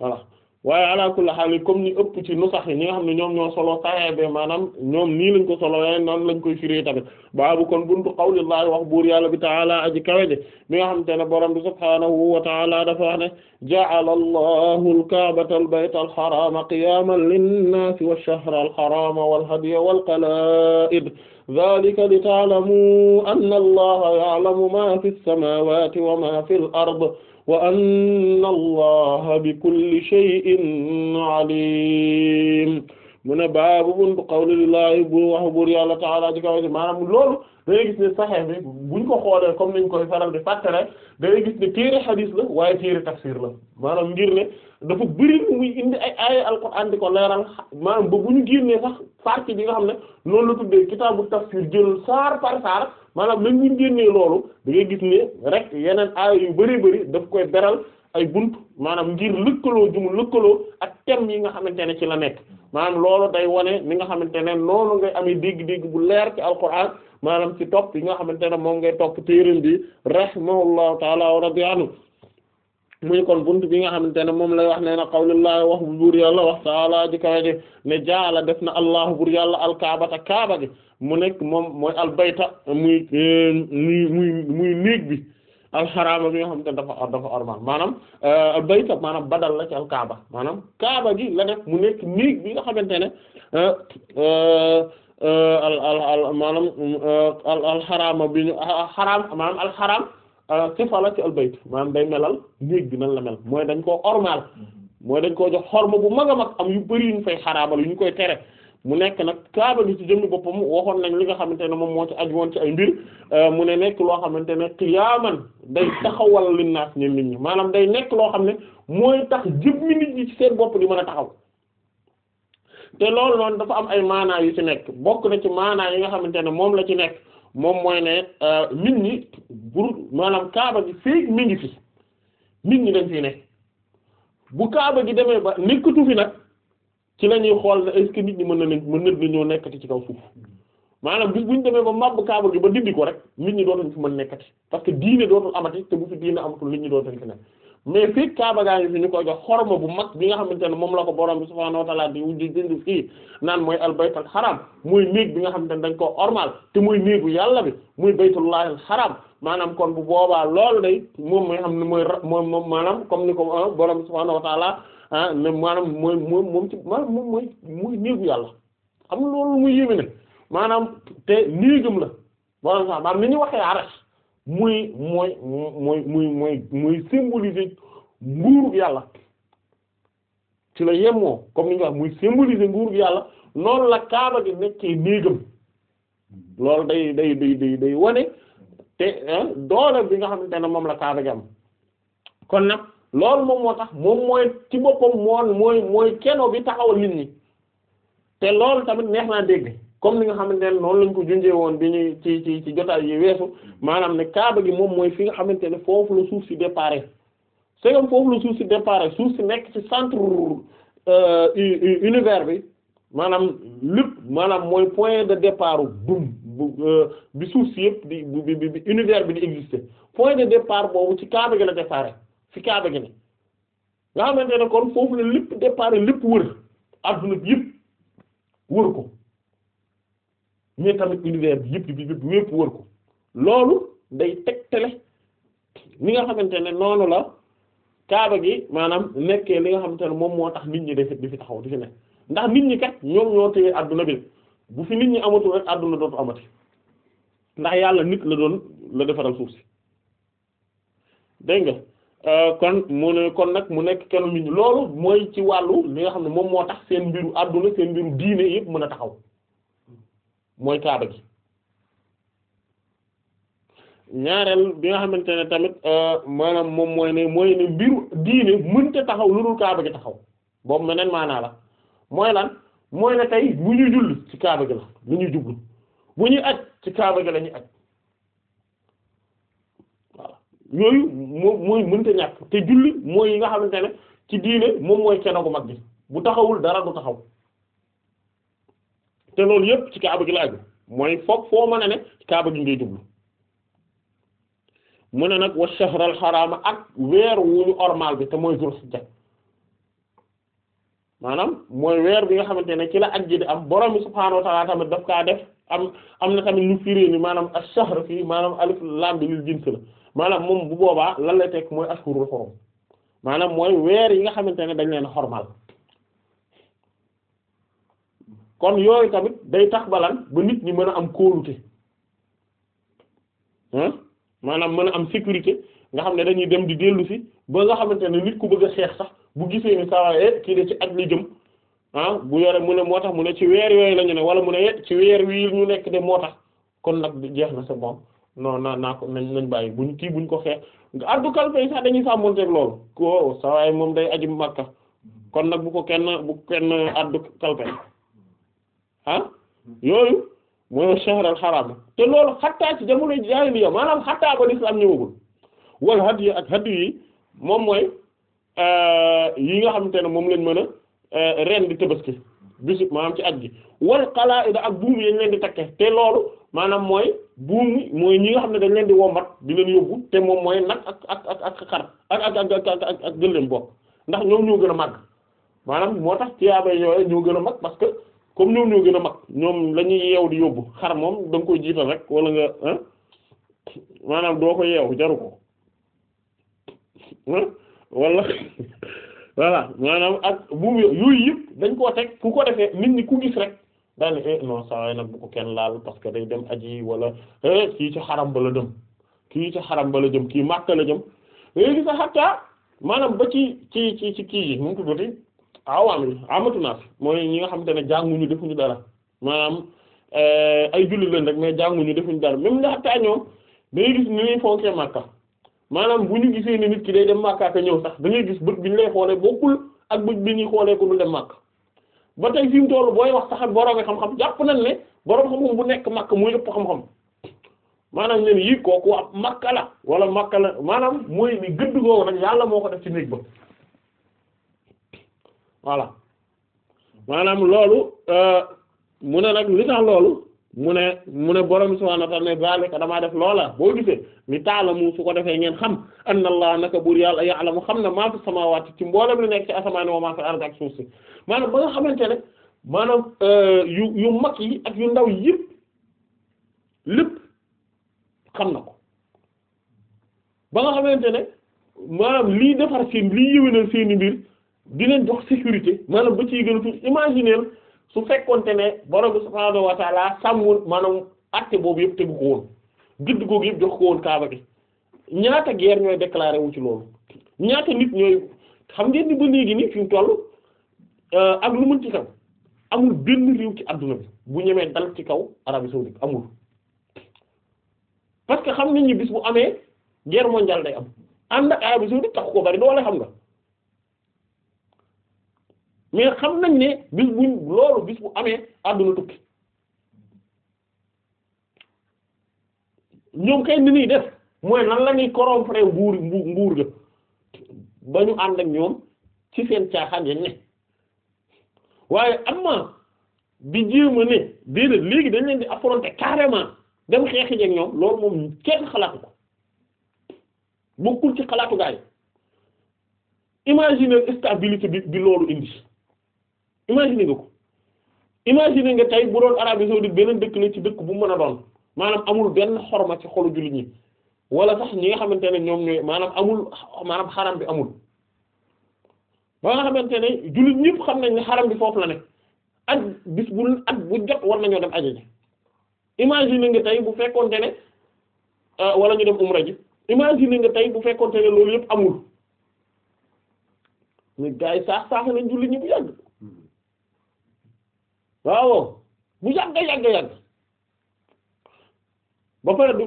voilà waaye ala kulli haal comme ni ëpp ci nu sax yi ñi nga xam ne ñoom ñoo solo saxee be maanaam ñoom nii lañ ko solo waaye noonu lañ koy firi tamit baabu kon buntu qawlillahi wax buur yàlla bi taala aji kawe ji mi nga xam te ne borom bi subhaanahu wa taala dafa wax ne ja'ala allahu alkaabata albayta alxarama qiyaman linnaasi walshahra alxarama walhadiya walqalaa'id zaalika li ta'lamu anna allaha ya'lamu ma fi alsamawati wa ma fi al ard wa anna allaha bi kulli shay'in alim mu ne baabu buntu qawlillahi bu waxu buur yàlla taala ci kaw ci maanaam loolu dangay gis ne saxeex bi buñ ko xoolee comme niñ koy faral di fàttale dangay gis ne téere xadiis la waaye téere tafsir la maanaam ngir ne dafa bëri muy indi ay aaya alxuraan di ko leeral maanaam ba bu ñu génnee sax partie bi nga xam ne noonu la tuddee kitaabu tafsir jëlul saar par saar maanaam même ñu génnee loolu da ngay gis ne rek yeneen aaya yu bari bari daf koy beral ay bunt maanaam ngir lëkkaloo ju lëkkaloo ak thème yi nga xamante ne ci la nekk maanaam loolu day wane ni nga xamante ne noonu ngay amee dégg-dégg bu leer ci alquran maanaam ci topp yi nga xamante ne moom ngay topp téeram bi rahimahullahu taala wa radiyallahu muy kon buntu bi nga xamante ne moom lay wax nee na qawlullahi wax bu buur wax taala ji kawe ji ne jaala def na allahu buur yàlla alkaabata kaaba gi mu nekk moom mooy albayta muy muy muy muy néeg bi alxaraama bi nga xamante ne dafa a ormal maanaam euh, albayta maanaam badal la ci alkaaba maanaam kaaba gi mu nekk néeg bi nga xamante ne euh, euh, al al sifa euh, la ci albayt maanaam day melal néeg bi nan la mel mooy dañ koo ormal mm-hmm. mooy dañ koo jox ma bu mag a mag am yu bari yu ñu fay xaraabal yu ñu koy tere mu nekk nag kaaba gi ci jëmmi boppam waxoon nañ li nga xamante ne moom moo ci aju woon ci ay mbir euh, mu ne nekk loo xamante ne xiyaaman day taxawal li naas ñeen nit ñi maanaam day nekk loo xam ne mooy tax jëmmi nit ñi ci seen bopp di mën a taxaw te loolu noonu dafa am ay maanaa yu ci nekk bokk na ci maanaa yi nga xamante ne moom la ci nekk moom mooy ne euh, nit ñi pour maanaam kaaba gi féeg mi ngi fi nit ñi dañ fi ne bu kaaba gi demee ba nekkatu fi nag ci la ñuy xool ne est-ce que nit ñi mën na mën na ñoo nekkati ci kaw suuf maanaam bis bu ñu demee ba màbb kaaba gi ba dindi ko rek nit ñi dootuñ fi mën nekkati parce que diine dootul amati te bu fi diine amatul nit ñi dootuñ fi nekk mais fii Kaaba gaa ngi fi ñu koy jox xorma bu mag bi nga xamante ne moom la ko borom bi subhaanahu wa ta'ala di di dindi fii naan mooy al bayt al xaram muy néeg bi nga xam ne dañ ko ormal te muy néegu yàlla bi muy baytullahi al xaram maanaam kon bu boobaa loolu day moom mooy xam ne mooy moom moom maanaam comme ni ko ah, borom bi subhaanahu wa ta'ala ah ne maanaam mooy moom moom ci maanaam moom mooy muy yàlla xam loolu muy yéeme ne maanaam te néegam la borom sax maanaam ni ñu waxee arash muy mooy mooy muy mooy muy symboliser nguurug yàlla ci la yemoo comme ni ñu wax muy symboliser nguurug yàlla noonu la kaaba gi nekkee néegam loolu day day day day day wane te doole bi nga xamante ne moom la kaaba gi am kon nag lool moom moo tax moom mooy ci boppam moon mooy mooy keno bi taxawal nit ñi te loolu tamit neex naa dégg comme ni nga xamante ne noonu lañ ko junjee woon bi ñuy ci ci ci jotaay yi weesu maanaam ne kaaba gi moom mooy fi nga xamante ne foofu la suuf si départ c'est comme foofu suuf si départ suuf si nekk ci centre euh, univers bi maanaam lépp maanaam mooy point de départ dum euh, bi suuf si yëpp di bi bi univers bi di exister point de départ boobu ci kaaba gi la départ fi kaaba gi ne nga xamante ne kon foofu la lépp départ lépp wër adduna bi yëpp wër ko. mais tamit univers bi yëpp bi yëpp yëpp wër ko loolu day teg tegtale li nga xamante ne noonu la kaaba gi maanaam nekkee li nga xamante ne moom moo tax nit ñi di fi taxaw di fi nekk ndax nit ñi kat ñoom ñoo téye adduna bi bu fi nit ñi amatul rek adduna dootu amati ndax yàlla nit la doon la defaral suuf si dégg nga euh, kon mu ne kon nag mu nekk kenn nit ñi loolu mooy ci wàllu li nga xam ne moom moo tax seen mbiru adduna seen mbiru diine yëpp mën a taxaw mooy kaaba gi ñaareel bi nga xamante ne tamit euh, maanaam moom mooy ne mooy ne mbiru diine mënta taxaw lu dul kaaba gi taxaw boobu meneen maanaa la mooy lan mooy ne tey bu ñuy julli ci kaaba gi la lu ñuy jublu bu ñuy aj ci kaaba gi la ñuy aj yooyu moom mooy mënta ñàkk te julli mooy yi nga xamante ne ci diine moom mooy keno gu mag gi bu taxawul dara du taxaw te loolu yépp ci kaaba gi la aju mooy foog foo mën a ne ci kaaba gi ngay jublu mu ne nag wa shahral xaraama ak weer wu ñu ormal bi te mooy zul hijja maanaam mooy weer bi nga xamante ne ci la aj ji di am borom bi subhaanahu wa ta'aala tamit daf kaa def am am na tamit lu firée maanaam ash-shahr fii maanaam alif laam bi lil jins la maanaam moom bu boobaa lan lay teg mooy ashhurul xurum maanaam mooy weer yi nga xamante ne dañ leen xormal kon yooyu tamit day tax balan ba nit ñi mën a am kóolute maanaam mën a am sécurité nga xam ne dañuy dem di dellu si ba nga xamante ne nit ku bëgg a xeex sax bu gisee ni sawaye kii de ci at li jëm ah bu yore mu ne moo tax mu ne ci weer yooyu la ne wala mu ne ci weer wii ñu nekk de moo tax kon nag jeex na sa bon non naa naa ko nañ nañ bàyyi buñ kii buñ ko xeex addu kalfe yi sax dañuy sàmmonteeg loolu ko sawaay moom day aji Makka kon nag bu ko kenn bu kenn addu ah yooyu mooy shahr al haram te loolu xattaa ci jamono jaahiliya maanaam xattaa ba lislaam ñëwagul wal yi ak hadi yi moom mooy euh, yi nga xamante ne moom lañ mën a euh, ren di tabaski bisu maanaam ci at gi wal qalaa'id ak buum yañ leen di takke te loolu maanaam mooy buum mooy ñi nga xam ne dañ leen di wombat di leen yóbbu te moom mooy nag ak ak ak ak xar ak ak ak ak ak gëléem bopp ndax ñoom ñoo gën a màgg maanaam moo tax ci yaabay yooyu gën a mag parce que comme ñoom ñoo gën a mag ñoom lañuy ñuy yeew di yóbbu xar moom danga nga koy jiital rek wala nga maanaam doo ko yeew jaru ko wala voilà maanaam ak buum yooyu yëpp dañ koo teg ku ko defee nit ku gis rek daal ne eh, non saa waay nag bu ko kenn laal parce que day dem aji wala kii ci xaram bala la dem kii ci xaram ba la jëm kii màkk la jëm léegi sax xataa maanaam ba ci ci ci ci kii yi mu ngi tuddati awaam ah, yi amatu naas mooy ñi nga xam xamante ne jànguñu defuñu dara maanaam eh, ay jullit lañ rek mais jànguñu defuñu dara même ñaata ñoom dañuy gis ni ñuy maanaam bu ñu gisee ni nit ki day dem Makka ka ñëw sax dañuy gis bët bi ñu lay xoolee bokkul ak bët bi ñuy xoolee ko du dem Makka ba tey fi mu toll booy wax sax ak borom xam-xam jàpp nañ ne borom xam-xam bu nekk Makka muy ëpp xam-xam. maanaam ñeen yii kooku ab makka la wala makka la maanaam mooy ni gëdd googu nag yàlla moo ko def ci néeg ba voilà maanaam loolu euh, mu ne nag li tax loolu mu ne mu ne borom subhaanahu wa ne zaalika damaa def loola boo gisee li taalamu su ko defee ngeen xam anna Allaha naka buur yàlla ya'lamu xam na maa fi samaawaati ci mboolem li nekk ci asamaan wa maa fi ard ak suuf si maanaam ba nga xamante ne maanaam euh, yu yu mag yi ak yu ndaw yi yëpp lépp xam na ko ba nga xamante ne maanaam lii defar seen lii yëwénal seeni mbir di jox sécurité maanaam ba ciy gën a tuuti imaginer su fekkonte ne borom bi subhaanahu wa taala sàmmul maanaam acte boobu yëpp tegu ko woon gëdd googu yëpp jox ko woon kaaba gi ñaata guerre ñooy déclaré wu ci loolu ñaata nit ñooy xam ngeen ni ba léegi nii fi mu euh, ak lu mën ci kaw amul benn réew ci àdduna bi bu ñemee dal ci kaw Arabie saoudite amul parce que xam nañ ñu bis bu amee guerre mondiale day am ànd ak Arabie saoudite tax ko bari doole xam nga. mais xam nañ ne bis bu loolu bis bu amee àdduna tukki ñoom kay ni ñuy def mooy nan la ñuy corrompre nguur nguur ga ba ñu ànd ak ñoom ci seen caaxaan ya ne waaye am na di jéem ne déedéet léegi dañ leen di affronter carrément dem xeexi jeg ñoom loolu moom kenn xalaatu ko bokkul ci xalaatu gaay imaginer stabilité bi bi loolu indi imagine nga ko imagine nga tey bu doon Arabie saoudite beneen dëkk la ci dëkk bu mën a doon maanam amul benn xorma ci xolu jullit ñi wala sax ñi nga xamante ne ñoom ñooy maanaam amul maanaam xaram bi amul ba nga xamante ne jullit ñëpp xam nañ ne xaram bi foofu la ne ak bis bu at war nañoo dem aji ji imagine nga tey bu fekkonte ne euh, wala ñu dem umra ji imagine nga tey bu fekkonte ne loolu yépp amul mais gars yi saax saax nañ jullit ñi bu yàgg waaw bu yàgg yàgg yàgg ba pare du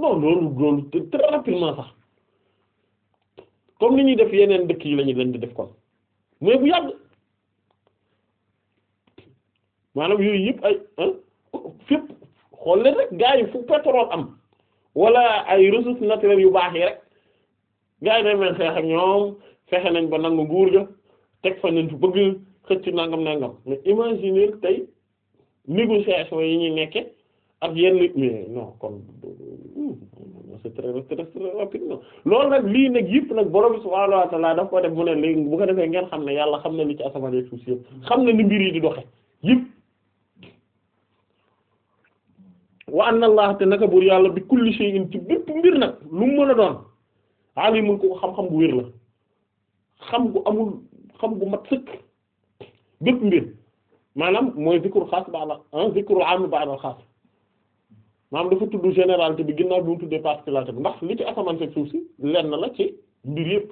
non loolu loolu très rapidement sax comme ni ñuy def yeneen dëkk yi lañuy leen di def kon mais bu yàgg maanaam yooyu yëpp ay fépp xool leen rek gaa yi fu pétrole am wala ay ressources naturelles yu baax yi rek gaa yi dañ mel ak ñoom fexe nañ ba nangu nguur ga teg fa nañ fu bëgg. xëcc nangam nangam mais imaginer tey négociation yi ñuy nekke ak yenn mais hmm, non loolu nag lii nag yëpp nag borom subhaanahu wa ta'ala daf ko def mu ne léegi bu ko defee ngeen xam ne yàlla xam ne li ci asamaan ak si yëpp xam na ni mbir yi di doxe yëpp wa anna allah te naka buur yàlla bi kulli shay'in ci bépp mbir nag lu mu mën a doon alimul ko xam-xam bu wér la xam gu amul xam gu mat sëkk bépp mbir maanaam mooy zikru xaas ba'da ah zikru am ba'da xaas maanaam dafa tudd généralité bi ginnaaw bi mu tuddee particularité bi ndax li ci asamaan fekk suuf si lenn la ci mbir yëpp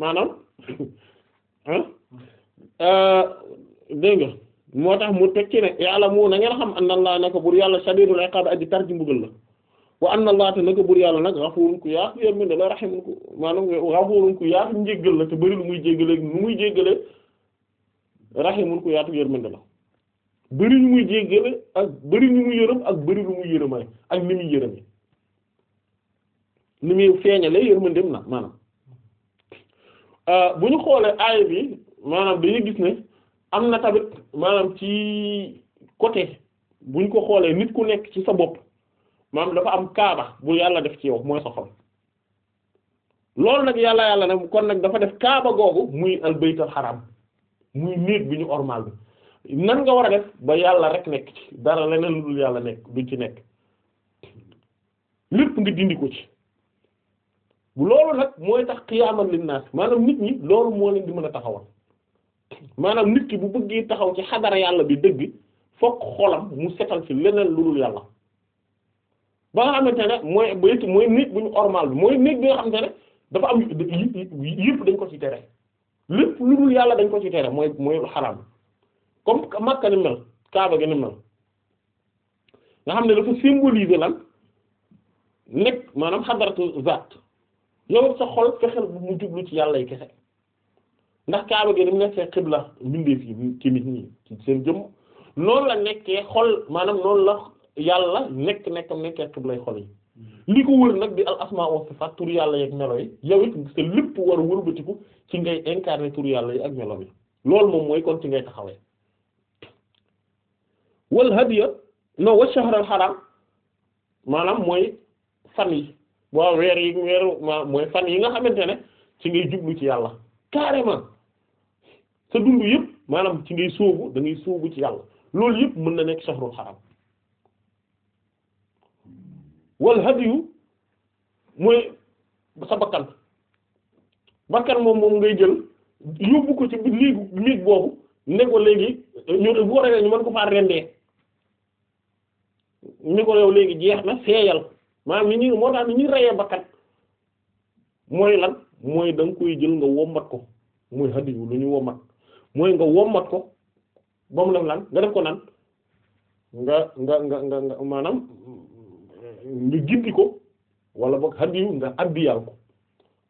maanaam ah euh, dégg moo tax mu tekki ne yàlla mu na ngeen xam anna Allah naka bur yàlla shadidul iqab aji tar ji mbugal la wa anna Allah te naka bur yàlla nag ghafurun ku yaatu yéen mu ne la rahimun ku maanaam ghafurun ku yaatu njéggal la te bari lu muy jéggale nu muy jéggale rahimun ku yaatu yërmande la bëri ñu muy jéggale ak bëri ñu muy yërëm ak bëri lu muy yërëmale ak ni muy yërëme ni muy feeñale yërmandeem na maanaam ah, bu ñu xoolee aaya bi maanaam dañuy gis ne am na tamit maanaam ci côté bu ñu ko xoolee nit ku nekk ci sa bopp maanaam dafa am kaaba bu yàlla def ci yow mooy sa loolu nag yàlla yàlla nag kon nag dafa def kaaba googu muy albaytal xaram muy néeg bi ñu ormal bi nan nga war a def ba yàlla rek nekk ci dara leneen lu dul yàlla nekk duñ ci nekk lépp nga dindi ko ci loolu nag mooy tax xiyaaman lin naas maanaam nit ñi loolu moo leen di mën a taxawal maanaam nit ki bu bëggee taxaw ci xadara yàlla bi dëgg fokk xolam mu setal ci leneen lu dul yàlla ba nga xamante ne mooy ba mooy néeg bu ñu ormal bi mooy néeg bi nga xamante ne dafa am yëpp dañ ko ci tere lépp lu dul yàlla dañ ko ci tere mooy mooy xaraam comme Makka ni mel Kaaba gi ni mel nga xam ne dafa symboliser lan nekk maanaam xadaratu zaat yow sa xol fexeel bu mu jublu ci yàlla yi kese ndax Kaaba gi dañ nekkee la mbindeef yi ci nit ñi seen jëm noonu la nekkee xol maanaam noonu la yàlla nekk nekkam nekkee lay xol yi. li ko wër nag di al asma wa sifat tur yàlla yeeg melo yi yow it sa lépp war a ci ngay incarner tur yàlla yi ak melo yi loolu moom mooy kon ci ngay taxawee wal hadiya no wa shahr al maanaam mooy fan yi waaw weer yi weeru mooy fan yi nga xamante ne ci ngay jublu ci yàlla carrément sa dund yëpp maanaam ci ngay sóobu da ngay ci yàlla loolu yëpp mën na nekk shahrul haram wal hadiyu mooy sa bakkan bakkan moom moom ngay jël yóbbu ko ci lii néeg boobu ne ko léegi ñu bu ko reyee ñu mën ko faa rendee ne yow léegi jeex na seeyal maanaam ni ñuy moo tax ni ñuy reyee bakkan mooy lan mooy da koy jël nga wommat ko muy hadiyu lu ñu wommat mooy nga wommat ko ba mu def lan nga def ko nan nga nga nga nga maanaam nga gindi ko wala boog hadiyu nga addiyal ko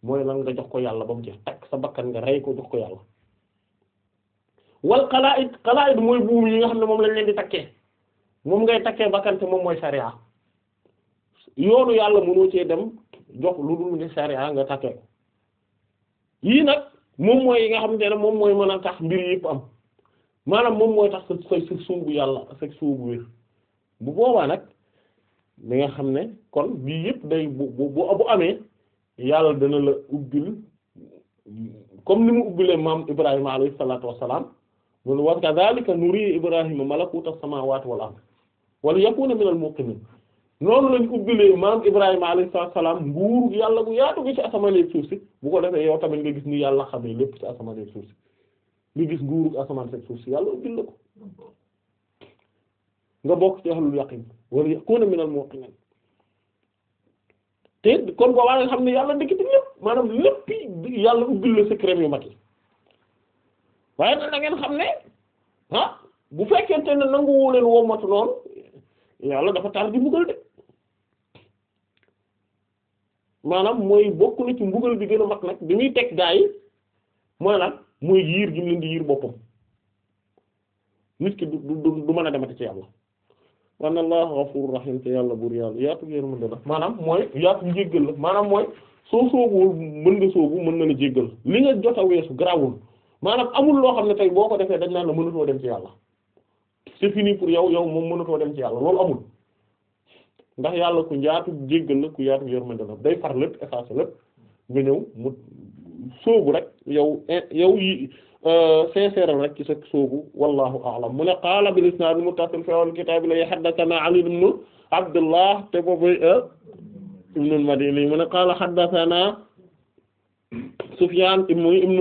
mooy lan nga jox ko yàlla ba mu jeex takk sa bakkan nga rey ko jox ko yàlla wal xalaa'id xalaa'id mooy buum yi nga xam ne moom lañ leen di takkee moom ngay takkee bakkan te moom mooy yoonu yàlla mënoo cee dem jox nga takkee ko nag moom mooy yi nga xamante ne moom mooy mën a tax mbir yëpp am maanaam moom mooy tax sa sa suubu yàlla sa suubu wér bu boobaa nag li nga xam ne kon bii yëpp day bu bu bu amee yàlla dana la ubbil comme ni mu ubbilee maam Ibrahima alayhi salaatu wa salaam mun wa kadhalika nuri Ibrahima malakuta samawati wal ard wala yakuna minal muqinin noonu lañ ubbilee maam Ibrahima alayhi salaatu wa salaam nguur yàlla bu yaatu gi ci asamaan ak suuf si bu ko defee yow tamit nga gis ni yàlla xamee lépp ci asamaan ak suuf si gis nguuru asamaan ak suuf si yàlla ubbil la ko. nga bokk ci ahlul yaqin wala yakuna minal muqinin te kon boobaa xam ne yàlla ndekete lépp maanaam lépp yàlla ubbil la secret yu mag yi waaye nag da ngeen xam ne ah bu fekkente ne nanguwu leen womatu noonu yàlla dafa tar di mbugal de maanaam mooy bokk na ci mbugal bi gën a mag nag bi muy teg gaa yi mooy lan mooy yiir gi mu leen di yiir boppam nit ki du du du mën a demati ci yàlla. wana Allahu ghafurur rahim te yàlla buur yàlla yaatu yërmande la maanaam mooy yaatu njéggal la maanaam mooy soo soobuwul mën nga soobu mën na la jéggal li nga jot a weesu garaawul maanaam amul loo xam ne tey boo ko defee dañ naan la mënatoo dem ci yàlla c'est fini pour yow yow moom mënatoo dem ci yàlla loolu amul ndax yàlla ku yaatu jéggal la ku yaatu yërmande la day far lépp effacer lépp nga ñëw mu soobu rek yow yow yi Euh, seeseeral rek ci sa soobu wallahu a'lam mu ne qaala bil isnaad muttasil fi awwal kitaab la haddathanaa Ali ibn Abdullah te boobu euh, ibn al-Madini mu ne qaala haddathanaa Sufyaan ibn ibn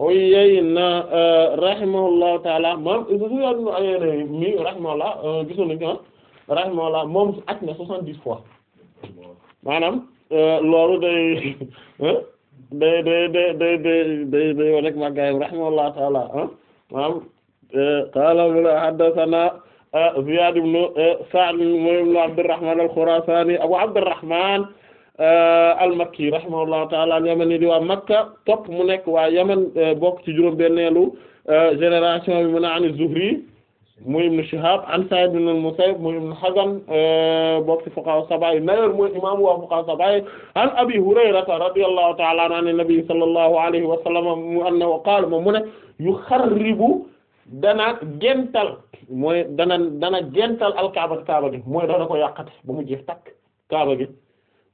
Uyayna euh, rahimahullahu ta'ala moom Sufyaan ibn Uyayna mi rahimahullah gisoon nañu ah rahimahullah moom at na soixante-dix fois maanaam loolu day day day day day day day wa rek màggaayam rahimahullahu taala ah maanaam eh, qaala mu ne haddathana eh, Ziyaad ibn eh, Sa'd mooy ibn Abdurrahman al-Khurasani Abu Abdurrahman al-Makki rahimahullahu taala al-Yamani di waa Makka topp mu nekk waa Yaman bokk ci juróom-benneelu génération bi mu ne an Zuhri muy ibn Shihab an Sa'id ibn al-Musayyib muy ibn Hazn eh, bokk ci fuqaha sab'a yi nayoon mooy imam wa fuqaha sab'a yi an Abi Hurayrata radiyallahu ta'ala anhu an nabi sallallahu alayhi wa sallam annahu qaala mu ne yukharribu dana gental mooy dana dana gental al-Kaaba Kaaba gi mooy dana ko yàqate ba mu jeex takk Kaaba gi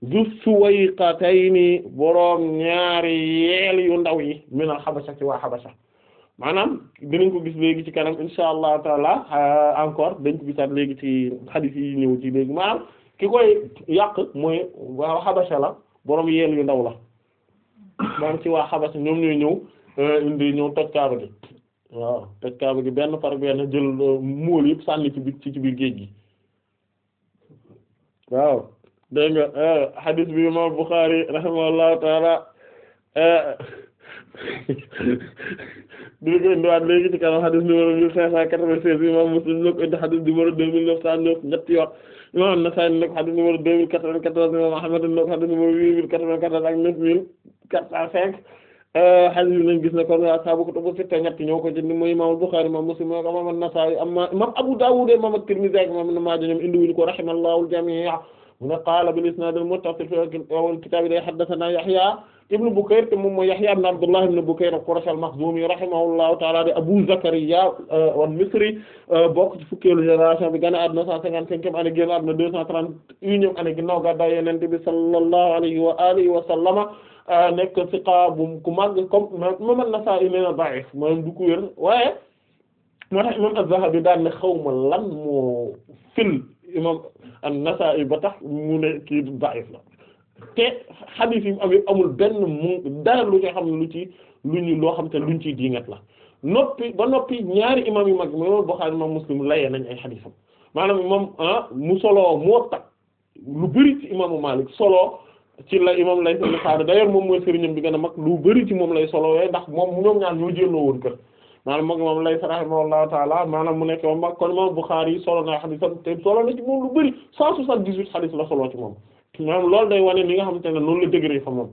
zu suwayqatayni boroom ñaari yeel yu ndaw yi min al-Habasha ci waa Habasha maanaam bi nañ ko gis léegi ci kanam insha allahu taala euh, encore dañ ko gisaat léegi ci xadis yi ñëw ci léegi maanaam ki koy yàq mooy waa xabasa la borom yeen yu ndaw la maanaam ci waa xabasa ñoom ñooy ñëw euh, indi ñëw toj kaaba gi waaw toj kaaba gi benn par benn jël euh, móol yëpp sànni ci biir ci biir géej gi waaw dégg nga bi imam Bukhari rahimahullahu taala dina ko indiwaat léegi ci kanam xadis numéro mille cinq cent quatre-vingt-seize imam Muslim dina ko indi xadis numéro deux mille neuf cent neuf ñetti yoon imam An-Nasa'i dina ko xadis numéro deux mille quatre-vingt-quatorze imam Ahmad dina ko xadis numéro huit mille quatre-vingt-quatorze ak neuf mille quatre cent cinq euh, xadis bi nañ gis ne kon ashaabu kutubu sitta ñetti ñoo ko jënd mooy imam Bukhari imam Muslim moo ko imam An-Nasa'i amma imam Abu Dawud imam At-Tirmidhi ak imam Ibn Maaja ñoom indiwuñu ko rahimahumullahu al-jamii' mu ne qaala bil isnaad al-muttasil fi awwal kitaab haddathanaa Yahyaa ibnu Bukayr te moom mooy Yahya ibn Abdullah ibn Bukayr al-Qurashi al-Makhzumi rahimahullahu ta'ala de Abu Zakariya euh, al-Misri euh, bokk ci fukkeelu génération bi gane àdduna 155e année génn àdduna 231e année ginnaaw gàddaay Yonent bi sallallahu alayhi wa alihi wa sallama euh, nekk siqa bu ku màgg comme imam an-Nasa'i nee na da'if maanaam du ko wér waaye moo tax imam az-Zahabi daan ne xawma lan moo fil imam an-Nasa'i ba tax mu ne kii da'if la te xadiis yi am amul benn mu dara lu ci xam ne lu ci lu ñu loo xam te lu ñu ciy diingat la noppi ba noppi ñaari imam yu mag imam Bukhari imam Muslim layee nañ ay xadiisam maanaam moom ah, mu soloo Muwatta lu bari ci imaamu Maalik soloo la imam lay seen xaar d'ailleurs moom mooy sëriñam bi gën a moom lay moom ñoom ñaar ñoo jélloo woon kër maanaam moom moom lay rahimahullahu taala maanaam mu nekk moom mag kon imam Bukhari solo na xadiisam te solo la ci moom lu bari cent soixante-dix-huit xadiis la soloo ci moom maanaam loolu day wane li nga xamante ne noonu la degré fa moom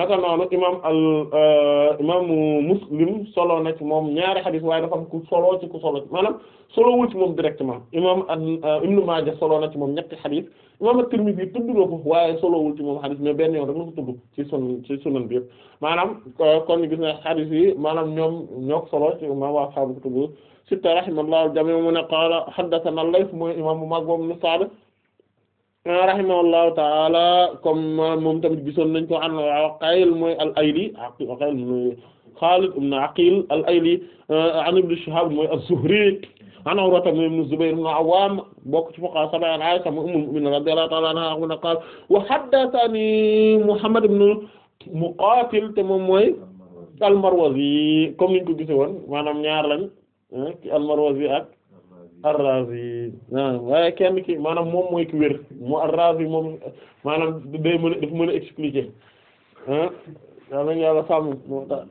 naka noonu imaam al euh, imaamu muslim solo na ci moom ñaari xadis waaye na am ku solo ci ku solo ci maanaam solo wul ci moom directement imaam euh, ibnu maaja solo na ci moom ñetti xadis imaam at-tirmidhi tudd na ko waaye solo wul ci moom xadis mais benn yoon rek la ci sunan ci sunan bi yëpp maanaam euh, kon gis na xadis yi maanaam ñoom ñoo ko solo ci imaam wa ashaabu kutubu sitta rahimahullahu jami' mu ne qaala haddathana al-layth mooy imaam bu mag boobu rahimahullahu taala comme moom tamit gisoon nañ ko an Uqayl mooy al-Ayli Uqayl mooy Khalid ibn Aqil al-Ayli euh, an Ibn Shihab mooy az-Zuhri an Urwa mooy ibn Zubayr ibn Awwam bokk ci fuqaha sab'a an Aisha mooy ummul mu'minin radiyallahu ta'ala anha qala wa haddathani Muhammad ibn Muqatil te moom mooy al-Marwazi comme niñ ko gise woon maanaam ñaar lañ al-Marwazi ak ar-Razi waaye kenn ki maanaam moom mooy ki wér mu ar-Razi moom maanaam day mën a daf mën a expliquer ah, yaa nañ yàlla sàmm moo tax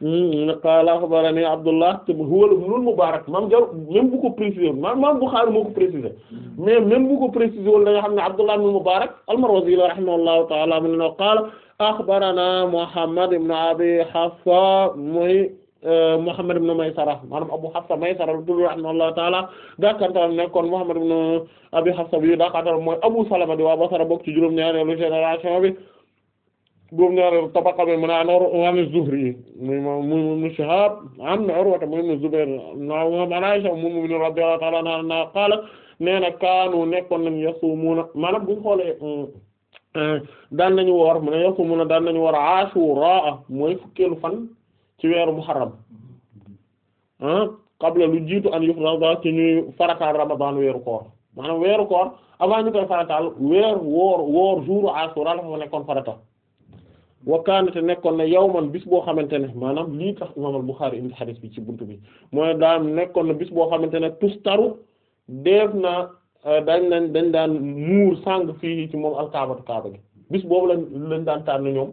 hmm, qaala axbarani Abdullah te huwa ibnul Mubarak maam jaru même bu ko préciser maam maam Bukhari moo ko préciser mais même bu ko préciser woon da nga xam ne Abdullah ibnul Mubarak al-Marwazi rahimahullahu ta'ala mu ne qaala axbarana Muhammad ibn Abi Hafsa mooy Euh, Muhammad ibn Maysara maanaam Abu Hafsa Maysara lu tudd rahimahullahu ta'ala daakantaram nekkoon Muhammad ibn Abi Hafsa bi daakantaram mooy Abu Salama di waa Basra bokk ci juróom-ñaareelu génération bi juróom-ñaareelu tabaqa bi mu naan an Zuhri muy Ibn Shihab an Urwa muy Ibn Zubayr an Aisha umm radiyallahu ta'ala anha qaala nee na kaanu nekkoon nañu yasumuuna maanaam bu xoolee euh, euh, daan nañu woor mu ne yasumuuna daan nañu woor Ashura mooy fukkeelu fan ci weeru muharram ah, qabla lu jiitu an yufrada ci ñuy farataal ramadan weeru koor maanaam weeru koor avant ñu koy farataal weer woor woor jour asura dafa nekkoon farata wa kaana te nekkoon na yawman bis boo xamante ne maanaam lii tax imaam al-Bukhari indi xadis bi ci buntu bi mooy daan nekkoon na bis boo xamante ne tustaru def na euh, dañ nañ dañ daan muur sàng fii ci moom al-Kaaba Kaaba gi bis boobu lañ lañ daan na ñoom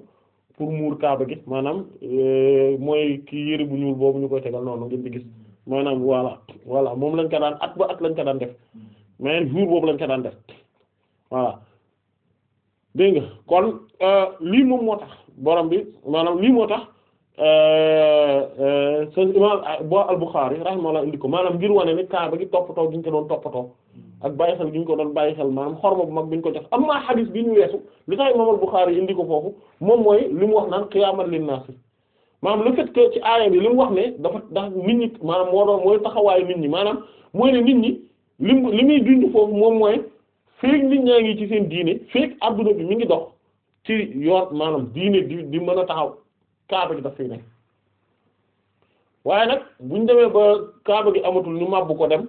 pour muur kaaba gi maanaam euh, mooy kii yére bu ñuul boobu ñu koy tegal noonu ngeen di gis maanaam voilà voilà moom lañ ko daan at ba at lañ ko daan def mais jour boobu lañ ka daan def voilà dégg nga kon euh, lii moom moo tax borom bi maanaam lii moo tax euh, sa imaam boo al-Bukhari rahimahullah indi ko maanaam ngir wane ne kaaba gi toppatoo gi ñu ko doon toppatoo ak bàyyi xel gi ñu ko doon bàyyi xel maanaam xorma bu mag bu ñu ko jox amma xadis bi ñu weesu li tax imam al-Bukhari indi ko foofu moom mooy li mu wax naan qiyaaman linnaas maanaam le fait que ci aaya bi li mu wax ne dafa dafa nit ñi maanaam moo doon mooy taxawaayu maanaam mooy ne nit ñi li mu li muy dund foofu moom mooy feek nit ñaa ngi ci seen diine feek àdduna bi mu ngi dox ci yoon maanaam diine di di mën a taxaw kaaba gi daf fiy nekk waaye nag buñ demee ba kaaba gi amatul ñu màbb ko dem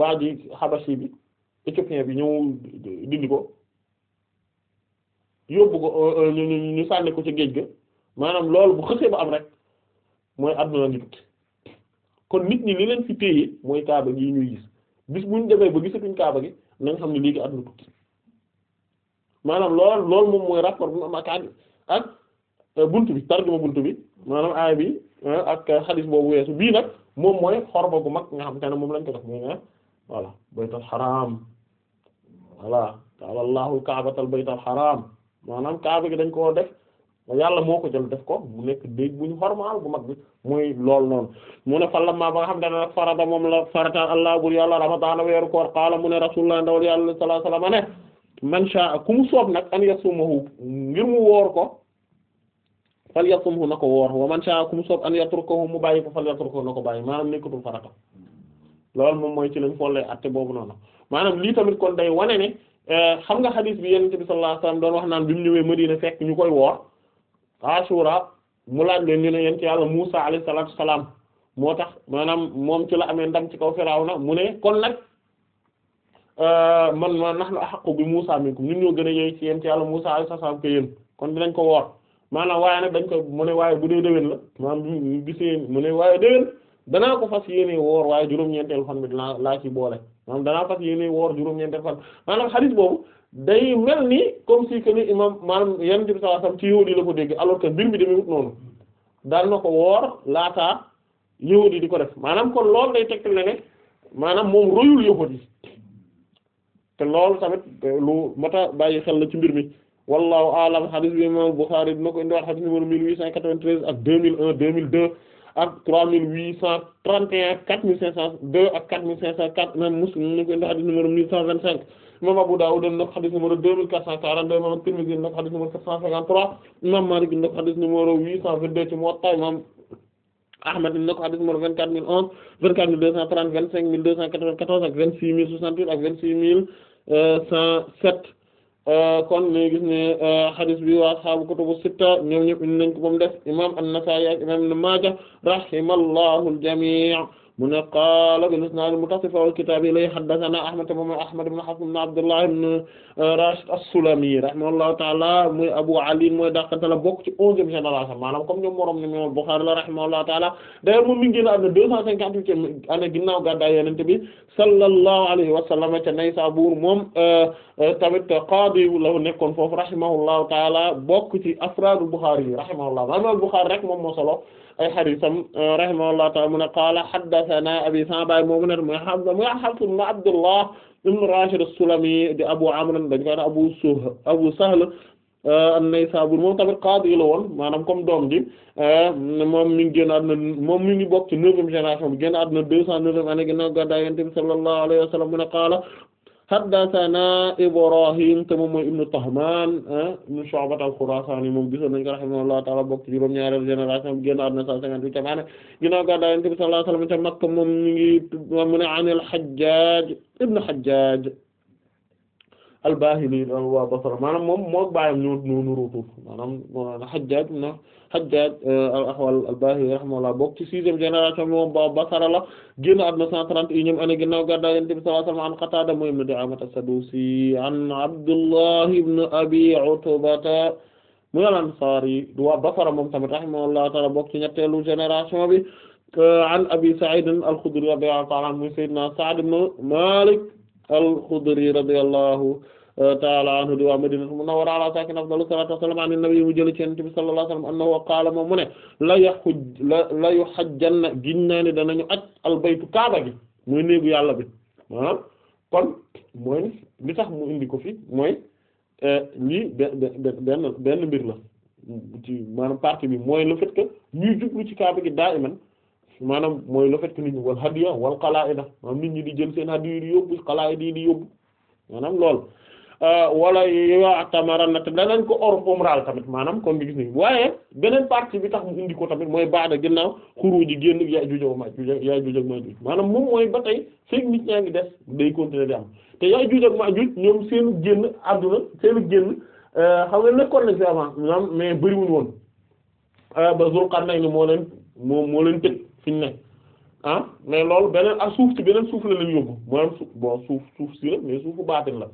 waa ji xabasi bi éthiopien bi ñëw dindi ko yóbbu ko euh, euh, ñu ñu sànni ko ci géej ga maanaam lool bu xësee ba am rek mooy àdduna ngi tukki kon nit ñi li leen fi téye mooy kaaba gi ñuy gis bis bu ñu demee ba gisatuñ kaaba gi nañ xam ne léegi àdduna tukki maanaam lool loolu moom mooy rapport bu mu am ak ak euh, buntu bi tarjuma buntu bi maanaam aay bi ak xadis boobu weesu bii nag moom mooy xorba gu mag nga xam te ne moom lañ ko def mooy nga ah, voilà baytal xaraam voilà taalallaahu kaabatal baytal xaraam maanaam kaaba gi dañ koo def yàlla moo ko jël def ko mu nekk déeg bu ñu xormaal bu mag bi muy lool noon mu ne falla ma ba nga xam ne nag farata moom la farataal allah yàlla ramadaan weeru koor qaala mu ne rasulullah ndawal yàlla sallallahu alayhi man shaa ku mu soob nag an yasumahu ngir mu woor fal yasumhu na ko woor wa man shaa ku mu soob an yatrukahu mu bàyyi ko fal yatrukahu na ko bàyyi maanaam nekkatul farata loolu moom mooy ci lañ xoolee atte boobu noonu maanaam lii tamit kon day wane ne euh, xam nga xadis bi yonent bi sallallahu alayhi wasallam doon wax naan bi mu ñëwee Madina fekk ñu koy woor Ashura mu laaj leen ñu ne yonent yàlla Musa alayhi salaam moo tax maanaam moom ci la amee ndam ci kaw Firawna mu ne kon euh, ma nahnu ahaqqu bi Musa minkum ñun ñoo gën a ci yonent yàlla Musa alayhi salaam ko yéen kon dinañ ko woor maanaam waaye nag dañ ko mu ne waaye bu dee déwén la maanaam bu gisee mu ne waaye déwén. danaa ko fas yéene woor waaye juróom-ñeenteelu fan bi dinaa laa ci boole maanaam danaa fas yéene woor juróom-ñeenteelu fan maanaam xadis boobu day mel ni comme si que ni imam maanaam yan jëm saa sam ci yahudi la ko dégg alors que mbir mi demewut noonu daan na ko woor laataa yahudi di ko def maanaam kon loolu day tegtal ne ne maanaam moom royul yahudi te loolu tamit lu mata bàyyi xel la ci mbir mi wallahu a'lam xadis bi imam Bukhari dina ko indiwaat xadis numéro 1893 ak 2001 2002 ak 3831 4502 ak 4504 imam Muslim ñu ko indi hadith numéro 1125 imam Abu Dawud na ko hadith numéro 2442 imam Tirmidhi na ko hadith numéro 753 imam Malik na ko hadith numéro 822 ci Muwatta imam Ahmad na ko hadith numéro 24011 24230 25294 ak 26068 ak 26107 Euh, kon léegi gis ne euh, hadis bi waa ashaabu kutubu sitta ñoom ñëpp indi nañ ko ba mu def imaam an-Nasaa'i ak imaam Ibn Maaja rahimallahu al-jamii' mu ne qaala bil isnaad al-muttasil fil kitaab ilayhi haddathanaa Ahmad te moom Ahmad ibn Hazm ibn Abdullah ibn Rashid as-Sulami ta'ala muy Abu Ali mooy dàqante la bokk ci onzième génération maanaam comme ñoom morom ni moom Bukhari la rahimahullahu ta'ala d'ailleurs moom mi ngi génn àdduna deux cent cinquante-huitième année ginnaaw gàddaay Yonent bi sallallahu alayhi wa sallam ca Naysabur moom euh, euh, tamit qaadi la nekkoon foofu rahimahullahu ta'ala bokk ci afraadu Bukhari yi rahimahullah maanaam Bukhari rek moom moo solo ay xadisam eh, rahimahullahu ta'ala mu ne qaala haddathana abi Sa'ba moomu ne mooy Hamza mooy Hafs ibn Abdullah ibn Rashid as-Sulami di Abu Amr dañu ko Abu Suh Abu Sahl eh, an-Naysabur moom tamit qaadi la woon maanaam comme doom ji eh, moom mi ngi génn àdduna moom mi ngi bokk ci neuvième génération bi génn àdduna deux cent neuvième année ginnaaw gàddaay Yonent bi sallallahu alayhi wa sallam mu ne qaala haddathana Ibrahim te moom mooy ibnu Tahman ah, ibnu Shu'ba al-Khurasani moom gisoon nañ ko rahimahullahu ta'ala bokk ci juróom-ñaareelu génération bi génn àdduna 158 tam année ginnaaw gàddaay Yonent bi sallallahu alayhi wa sallam ca Makka moom mi ngi mu ne an al-Hajjaj ibnu Hajjaj al-Bahili waa Basra maanaam moom mook baayam ñoo ñoo nuróotu maanaam euh, bokk ci sixième génération bi moom ba Basra la génn àdduna cent trente et unième année ginnaaw gàddaay Yonent bi sallallahu alayhi wa sallam an Qatada mooy ibn Di'aama as-Sadusi an Abdullah ibn Abi Utbata muy al-Ansari waa Basra moom tamit rahimahullah ta'ala bokk ci ñetteelu génération bi euh, an muy Sayyidina Sa'd ibn Malik al-Khudri radiyallahu uh, taala anhu di waa Madinatul Munawwara ala sakin afdalu salatu wassalam an nabi mu jële ci Yonent bi sallallahu alayhi wa sallam annahu qaala moom mu ne la yaxuj la la yu xajjanna giñ naa ne danañu aj albaytu kaaba gi mooy néegu yàlla bi maanaam kon mooy li tax mu indi ko fi mooy uh, li benn benn mbir la ci maanaam bi mooy le fait que ñuy jublu ci kaaba gi daa iman maanaam mooy le fait que nit ñi wal hadiya wal qalaida maanaam nit ñi di jël seen hadiya yi di yóbbu qalaida yi di yóbbu maanaam lool euh, wala yowa tamaran na te nañ ko or umraal tamit maanaam kon ngi gis ni waaye beneen partie bi tax mu indi ko tamit mooy baada ginnaaw xuru ji génn Yaajuuj ak Maajuuj Yaajuuj ak Maajuuj maanaam moom mooy ba tey feek nit ñaa ngi des day continuer di am te Yaajuuj ak Maajuuj ñoom seenu génn àdduna seenu génn euh, xam nga nekkoon nañ fi avant maanaam mais bëriwuñ woon euh, ba nañ Qarnayni moo leen moom moo leen tëj fi ñu ah mais loolu beneen ak suuf ci beneen suuf la lañ yóbbu maanaam suuf bon suuf suuf si la mais suufu baatin la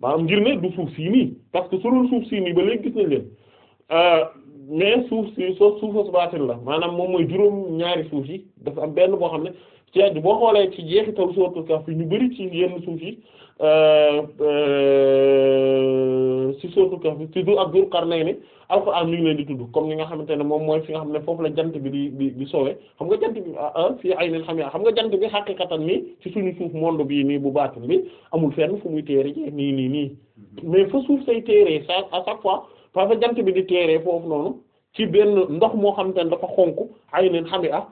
maanaam ngir ne du suuf si nii parce que surul suuf si nii ba léegi gis nañ leen euh, mais suuf si soo suuf suufas baatin la maanaam moom mooy juróom ñaari suuf yi dafa am benn boo xam ne ci aj boo xoolee ci jeexital sootu Kahf ñu bari ci yenn suuf yi euh, euh, ci sootu bi ci du ak Dul-Qarnayni Alxuraan mi ngi leen di tudd comme ni nga xamante ne moom mooy fi nga xam ne foofu la jant bi di di di sowe xam nga jant bi ah, ah, fii ay nañ xam yaa xam nga jant bi xaqiqatan nii bii nii bu baatin bi amul fenn fu muy téere ci nii nii nii mm-hmm. mais fa suuf say téere sa à chaque fois parce que jant bi di téere foofu noonu ci benn ndox moo xamante ne dafa xonk ay nañ xam ah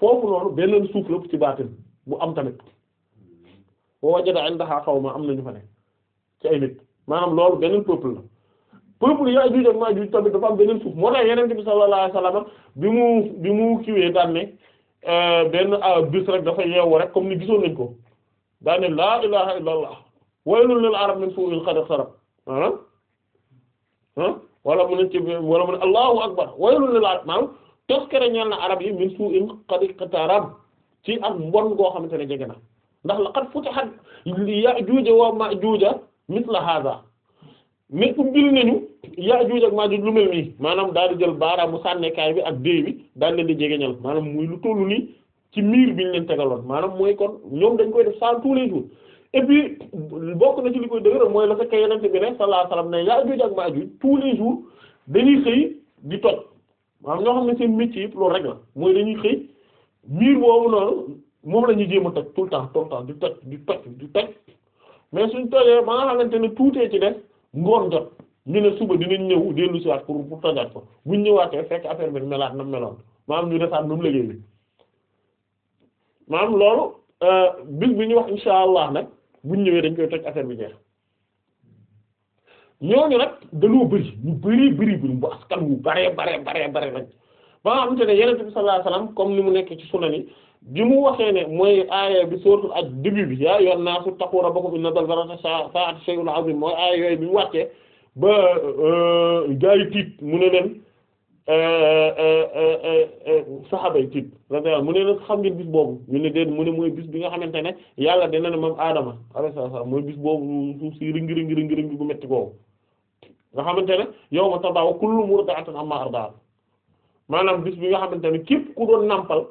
foofu noonu benn suuf la ci baatin bu am tamit boo wajada xaw ma am na ñu fa ne ci ay nit maanaam loolu beneen peuple la peuple Yaajuuj ak Maajuuj tamit dafa am beneen suuf moo tax Yonent bi mu bi mu kiiwee daan ne euh, benn euh, rek dafa yeewu rek ni gisoon nañ ko daan ne laa ilaaha illallah waylun lil arab min suu'il qad iqtarab ah ah wala mu ne ci wala mu ne Allahu arab maanaam toskere ñeel na arab yi min su'in qad iqtarab ci ak mbon goo xamante ne jege na ndax laqad futihat ya'juj wa ma'juj misla hadha mais ubbil nañu ya'juj ak ma'juj lu mel nii maanaam daal di jël baaraamu sànneekaay bi ak déy bi daal leen di jege jegeñal maanaam muy lu tollu nii ci miir bi ñu leen tegaloon maanaam mooy kon ñoom dañ koy def sans tous les jours et puis bokk na ci li koy dëgëral mooy la fekk yeneen bi ne sallallahu alayhi wasallam ne ya'juj ak ma'juj tous les jours dañuy maanaam ñoo xam ne seen métier yëpp loolu rek la mooy dañuy xëy miir boobu noonu moom la ñuy jéem a toj tout le temps tout le temps di toj di toj mais suñ tojee ba nga xamante ne tuutee ci de ngoon jot ñu ne suba dinañ ñëw dellu siwaat pour pour tojaat ko buñ ñëwaatee fekk affaire bi melaat na meloon maanaam ñu defaat mu liggéey bi maanaam loolu euh, bis bi ñu wax insha allah nag buñ ñëwee dañ koy toj affaire bi jeex ñooñu nag dañoo bëri ñu bëri bëri bu askan wu baree baree baree baree lañ ba nga xamante ne yenente bi sallallahu alayhi wasallam comme ni mu nekk ci sunan yi bi mu waxee ne mooy aaya bi sóortul ak début bi yaa yoon naa su taqu rabbakum inna zalzalata saa'ati shay'un 'azim mooy aaya yooyu bi mu wàccee ba euh, gaa yi tiit mu ne leen euh, euh, saxaaba yi tiit mu ne leen xam ngeen bis boobu ñu ne déen mu ne mooy bis bi nga xamante ne yàlla dina ne moom aadama alayhi salaam mooy bis boobu suuf si ringi ringi ringi bu metti boobu nga xamante ne yawma tada'u kullu murdi'atin amma arda'at maanaam bis bi nga xamante ne képp ku doon nampal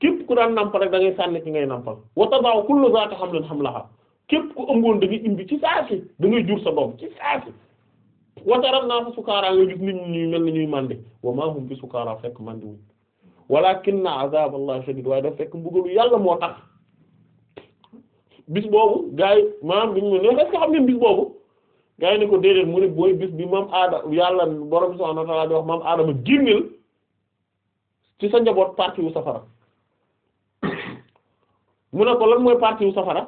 képp ku daan nampal rek da ngay sànni ci ngay nampal wa tada'u kullu zaati hamlin hamlaha képp ku ëmboon da ngay imbi da ngay ci saasi wataram naa fa sukaaraa nga gis nit ñi mel ni ñuy màndi wa maa hum bi sukaaraa fekk màndi wuñ walaakinna azaaballahi shadiid waaye dafa fekk mbugalu yàlla moo tax bis boobu gars yi maanaam bi ñu ne est xam ngeen bis boobu gaa yi ne ko déedéet mu ne booy bis bi maam aadama yàlla borom subhaanahu wa ta'aala di wax maam ci sa njaboot parti wu safara mu ne ko lan mooy parti safara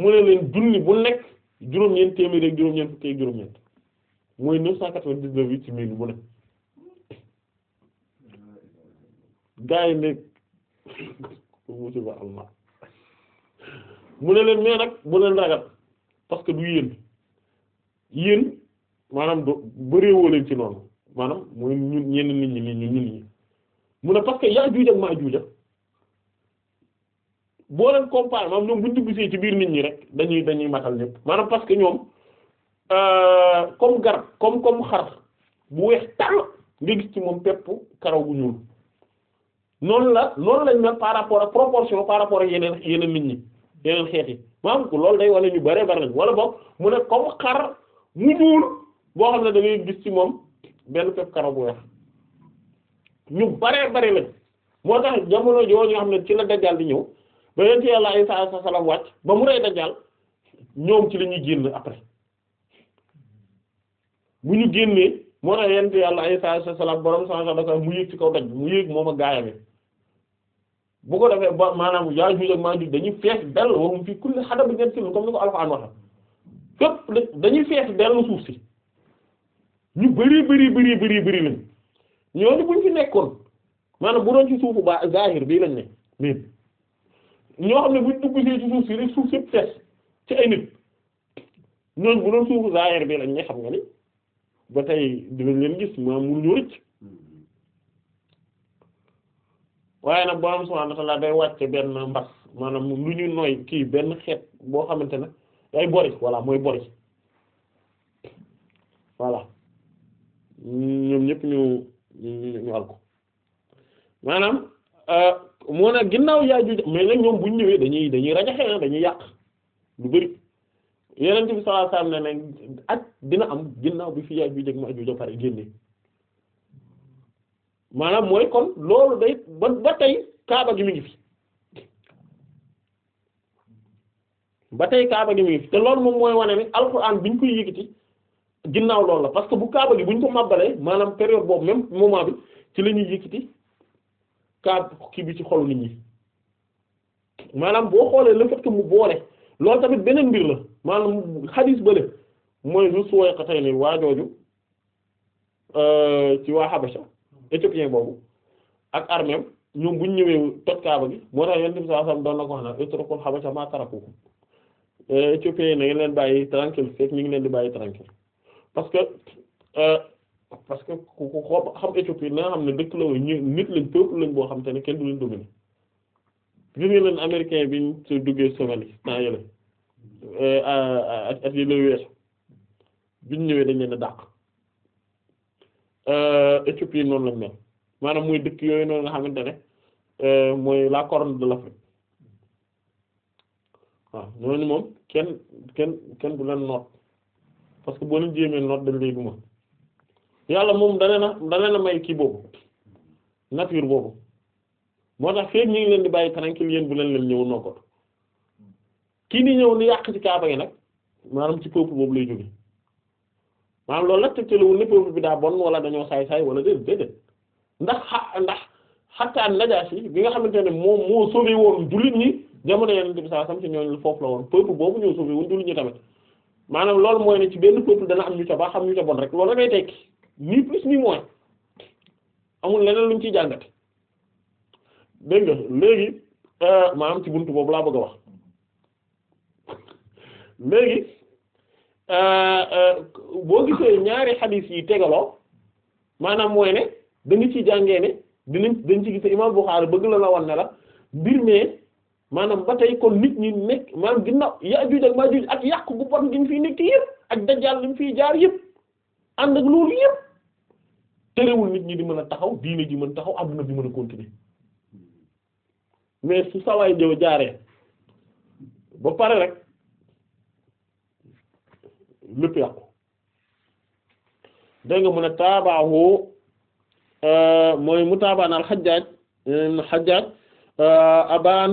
mu ne leen junni bu nekk juróom-ñeent téeméer ak juróom-ñeent mooy neuf cent quatre-vingt-dix-neuf yi ci mille bu nekk gaa yi ne musiba mu ne leen mais nag bu leen ragal parce que du yéen yéen maanaam du bëreewoo leen ci noonu maanaam mooy ñun ñenn nit ñi nit ñi nit ñi mu ne parce que Yaajuuj ak Maajuuj boo leen comparé maanaam ñoom bu ñu dugg ci biir nit ñi rek dañuy dañuy matal ñépp maanaam parce que ñoom euh, comme gar comme comme xar bu weex tàll nga ci moom pepp karaw gu ñuul noonu la noonu lañ mel par ak proportion par rapport ak yeneen yeneen ñi yeneen ko loolu day wane ñu bare bare lañ wala boog mu ne comme xar mu ñuul boo xam ne da gis ci moom benn pepp karaw bu weex ñu baree bare lañ moo tax jamono joo ñoo xam ne ci la dajjal di ñëw ba yent yàlla Isa alayhi salaam wàcc ba mu rey dajjal ñoom ci la ñuy génn après bu ñu génnee moo tax yent yàlla Isa alayhi salaam borom sànq dafa mu yéeg ci kaw bi mu yéeg moom ak gaayam bu ko defee ba maanaam yaa juuj maa juuj dañuy fees dell wala mu fi kulli xadab bi ngeen si comme ni ko Alxuraan waxee. fépp dañuy fees dellu suuf si ñu bëri bari bari bari bari lañ ñooñu buñ fi nekkoon maanaam bu doon ci suufu bii lañ ne ñoo xam ne buñ dugg ci suuf si rek suuf sépp fees ci ay nit ñooñu bu doon suufu zahir bii lañ ne xam nga ni ba tey dinañ leen gis maam mun ñu rëcc waaye nag borom subhanahu wa ta'ala day wàcce benn mbas maanaam lu ñu noy kii benn xeet boo xamante na ay bori voilà mooy bori voilà ñoom ñëpp ñu ñu alko maanaam euh, moo nag ginnaaw yaa Yaajuuj mais nag ñoom bu ñu ñëwee dañuy dañuy rajaxe dañuy yàq lu bari yeneen bi sallallahu alayhi wasallam ak dina am ginnaaw bi fi Yaajuuj ak Maajuuj a pare génne maanaam mooy kon loolu day ba ba tey kaaba gi mi ngi fi ba tey kaaba gi mu te loolu moom mooy wane ne alxuraan bi ñu koy yëkkati ginnaaw loolu la parce que bu kaaba gi bu ñu ko màbbalee maanaam périod boobu même moment bi ci la ñuy yëkkati kaab kii bi ci xolu nit ñi maanaam boo xoolee la fait que mu boole loolu tamit beneen mbir la maanaam xadiis bële mooy lu suwee xatay ni waa jooju euh, ci waa Habasha éthiopien boobu ak armée ñoom bu ñëwee toj kaaba gi moo tax yonent bi sallallahu alayhi wasallam doon na ko wax naan utrukul habasha ma tarakukum Euh, éthiopiens yi na ngeen leen bàyyi tranquille fekk ñu ngi leen di bàyyi tranquille parce que euh, parce que ku ku xam Éthiopie na nga xam ne dëkk la ñu nit lañ boo xam ne kenn du leen dominer gis nga américain bi ñu si duggee Somalie temps yële euh, at dañ leen a dàq Éthiopie noonu lañ maanaam muy dëkk yooyu noonu nga xamante ne mooy la corne de l'Afrique waaw ñooñu moom kenn kenn kenn bu leen noot parce que boo leen jéemee noot dañ lay duma yàlla moom da leen a da leen a may kii boobu nature boobu moo tax feek ñu ngi leen di bàyyi tranquille yéen bu leen leen ñëw nokkatu kii di ñëw ni yàq ci kaaba yi nag maanaam ci peuple boobu lay jóge loolu nag tegtalewul ne peuple bi daa wala dañoo saay-saay wala déedéet ndax xa ndax xattaan Najaasi bi nga xamante ne moom moo sauvé woon jullit ñi jamono yeneen bi saa sam ci ñooñu foofu la woon peuple boobu ñëw suufi wuñ dul ñu tamit maanaam loolu mooy ne ci benn peuple dana am ñu ca baax am ñu ca bon rek loolu rekay tekki leneen luñ ciy jàngate dégg nga léegi euh, maanaam ci buntu boobu laa bëgg a wax léegi euh, euh, boo gisee ñaari xadiis yi tegaloo maanaam mooy ne da nga ciy jàngee ne dinañ dañ ci gisee bu Buxaari bëgg la la wan ne la mbir mee maanaam ba tey kon nit ñi nekk maanaam ginnaaw Yaajuuj ak Maajuuj ak yàq gu bon gi mu fiy ak Dajjaal li mu fiy jaar yëpp ànd ak nit ñi di mën a taxaw diine ji mën taxaw àdduna bi mën a continuer mais su sawaay jëw jaaree ba pare rek lépp yàqu dégg nga mën a taabaahu euh, mooy mu taabaan al euh, euh, abaan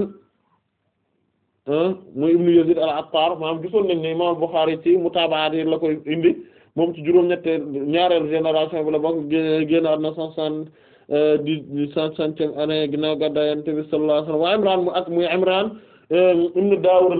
muy ibnu Yazid al-Attar maanaam gisoon nañ ne imam Bukhari ci mutaabaat yi la koy indi moom ci juróom-ñetteel ñaareel génération bi la bokk génn àdduna cent soixante-dix cent soixantième année ginnaaw gàddaay Yonent bi sallallahu alayhi Imran mu ak muy Imran euh, ibnu Dawr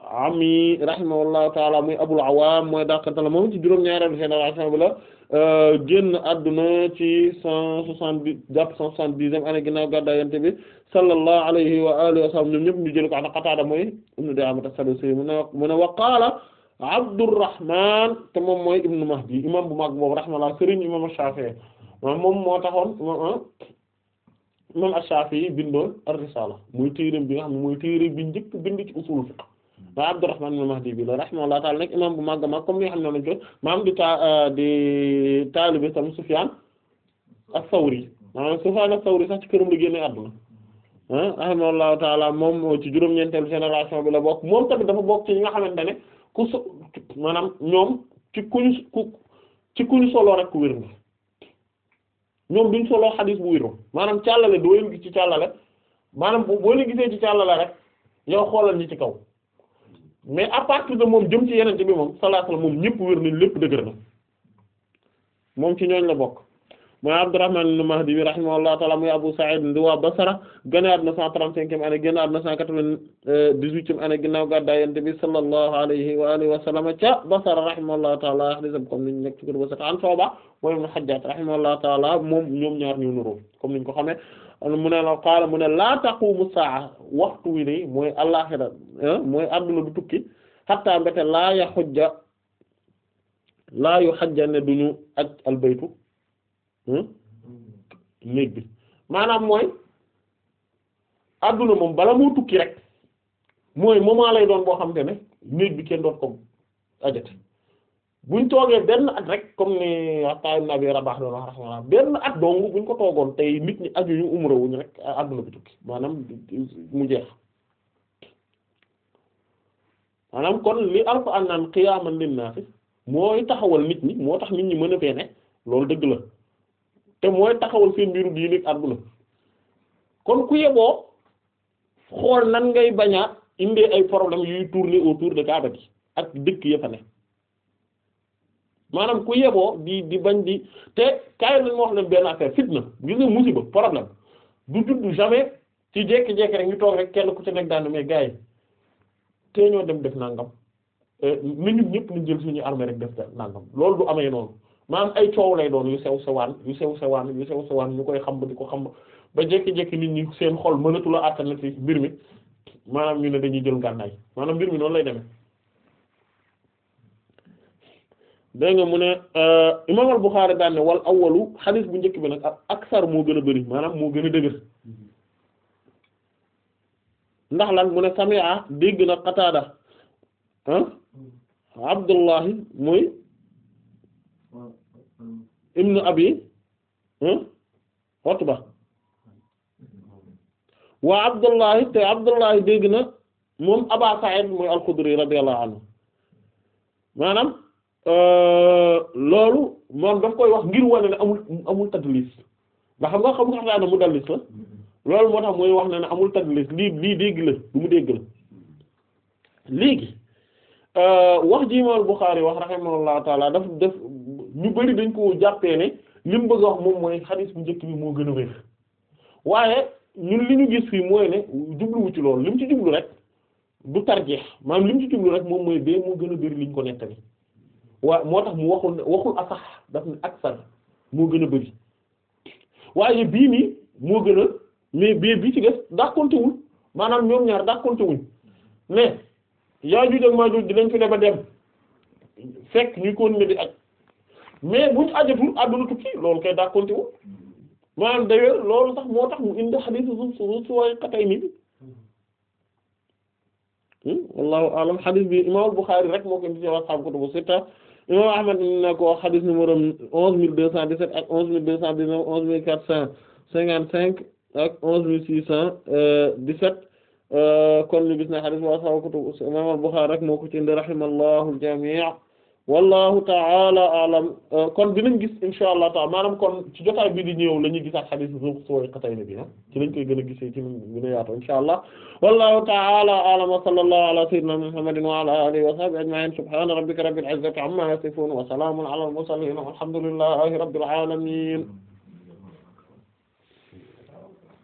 al-Ammi rahimahullahu ta'ala muy Abul Awwam mooy dàqante la moom ci juróom-ñaareelu génération bi la Euh, génn adduna ci cent soixante dix jàpp cent soixante dixième année ginnaaw gàddaay yonent bi sallallahu alayhi wa alihi wa sallam ñoom ñëpp ñu jël ko ana Qataada mooy ibnu Di'aamata as-Saduusi mu ne mu ne wa qaala te moom mooy ibnu Mahdi imam bu mag boobu rahmatullah sëriñ imam Shaafi'i moom moo taxoon ah, imam Shaafi'i bindoon ar-Risaala muy téereem bi nga xam ne mooy téere bi njëkk bind ci usul fiqh ba Abdurrahman ibn Mahdi bi la rahimahullah taala nekk imam bu màgg a mag comme li nga xam ne nañ ko maam di ta euh, di taalibe tam Sufyan as-Sawri maanaam Sufyan as-Sawri sax ci këram la génne àdduna rahimahullahu taala moom ci juróom-ñeenteelu génération bi la bokk moom tamit dafa bokk ci ñi nga xamante ne ku so maanaam ñoom ci kuñ ku ci kuñ solo rek ku wér na ñoom duñ solo xadis bu wéru maanaam càllale doo leen gis ci càllale maanaam boo leen gisee ci càllale rek yow xoolal ñi ci kaw mais à partir de moom jëm ci yenente bi moom sallallahu alayhi moom ñëpp wér nañ lépp dëgër na moom ci ñooñ la bokk mooy Abdurrahman ibn Mahdi bi rahimahullahu ta'ala muy Abu Sa'id di waa Basra gënaat na cent trente-cinquième année gënaat na quatre-vingt-dix-huitième année ginnaaw gàddaay yenente bi sallallahu alayhi wa alihi wa sallam ca Basra rahimahullahu ta'ala hadisam moom ñoom ñaar ñu nuroo comme niñ ko xamee mu ne la qaala mu ne laa taqumu saa waxtu wi de mooy àllaaxira ah, mooy àdduna bu tukki xatta mbete laa ya xojja laa xajja ne duñu aj albaytu hmm, néeg bi maanaam mooy àdduna moom bala moo tukki rek mooy moment lay doon boo xam te ne néeg bi kenn doot ko ajate buñ toogee benn at rek comme ni Ataa ibn Abi Rabah doon wax rahimahullah benn at dong buñ ko toogoon tey nit ñi aju ñu umra wuñ rek àdduna bi tukki maanaam mu jeex maanaam kon li Alxuraan naan qiyaaman linnaas mooy taxawal nit ñi moo tax nit ñi mën a fee ne loolu dëgg la te mooy taxawal seen mbiru diine ak àdduna kon ku yeboo xool nan ngay bañaat indee ay problème yuy tourner autour de Kaaba gi ak dëkk ya fa ne maanaam ku yeboo di di bañ di te kaay lañ wax leen benn affaire fitna gis nga musiba problème du judd jamais ci jékki jekki rek ñu toog rek kenn ku ci nekk daanaka mais gars yi te ñoo dem def nangam euh, na ñun ñëpp ñu jël suñu armée rek def nàngam loolu du amee noonu maanaam ay coow lay doon yu sew sewaan yu sew sewaan yu sew sewaan ñu koy xam ba di ko xam ba jékki-jékki nit ñi seen xol mënatula la mbir mi maanaam ñu ne dañuy jël ngànnaay maanaam mbir mi noonu lay demee. dégg nga mu ne euh, imaam al-Bukhari daan ne wal awwalu xadis bu njëkk bi nag ak aksar moo gën a bëri maanaam moo gën a dëgër ndax lan mu ne sami'a dégg na Qataada ah Abdullahi muy ibnu abi ah, Utba waa Abdullahi te Abdullahi dégg na moom Aba Sa'id muy al-Khudri radiyallahu maanaam Euh, loolu moom daf koy wax ngir wane ne amul amul tadlis nga xam nga xam nga xam ne mu dallis la loolu moo tax mooy wax ne ne amul tadlis lii lii dégg la lu mu dégg la léegi euh, wax ji imaam Buxaari wax rahimahullahu taala daf def ñu bari dañ ko jàppee ne li mu bëgg a wax moom mooy xadis bu njëkk bi moo gën a wér waaye ñun li ñu gis fii mooy ne jubluwu ci loolu li mu ci jublu rek du tarjeex maanaam li mu ci jublu rek moom mooy bee moo gën a bëri liñ ko nettali waa moo tax mu waxul waxul asax daf ne aksar moo gën a bëri waaye bii nii moo gën a mais bii bi ci des dàqontewul maanaam ñoom ñaar dàqontewuñ mais Yaajuuj ak Maajuuj dinañ fi ne ba dem fekk ñu kon ne di aj mais buñ ajatul àdduna tukki loolu kay dàqontewul maanaam d'ailleurs loolu sax moo tax mu indi xadiis su su way xatay nii hmm, wallahu alam xadiis bi Imaamul Buxaari rek moo ko indi ci ashaabu kutubu sitta imam Ahmad na ko xadis numéro onze mille deux cent dix-sept ak onze mille deux cent dix-neuf onze mille quatre cent cinquante-cinq onze mille six cent dix-sept kon na xadis wa ashabu kutub imam Bukhari rek moo ko ci indi rahimallahu wallahu taala alam euh, kon dinañ gis insha allah taala maanaam kon ci jotaay bi di ñëw la ñuy gisaat xadiis suuf sooy xatay na bi ah ci lañ koy gën a gisee ci gën a yaatu insha allah wallahu taala alam wa sallallahu ala sayyidina muhammadin wa ala alihi wa sahbihi ajma'in subhana rabbika rabbil izzati amma yasifun wa salaamun ala al mursalin walhamdulillahi rabbil alamin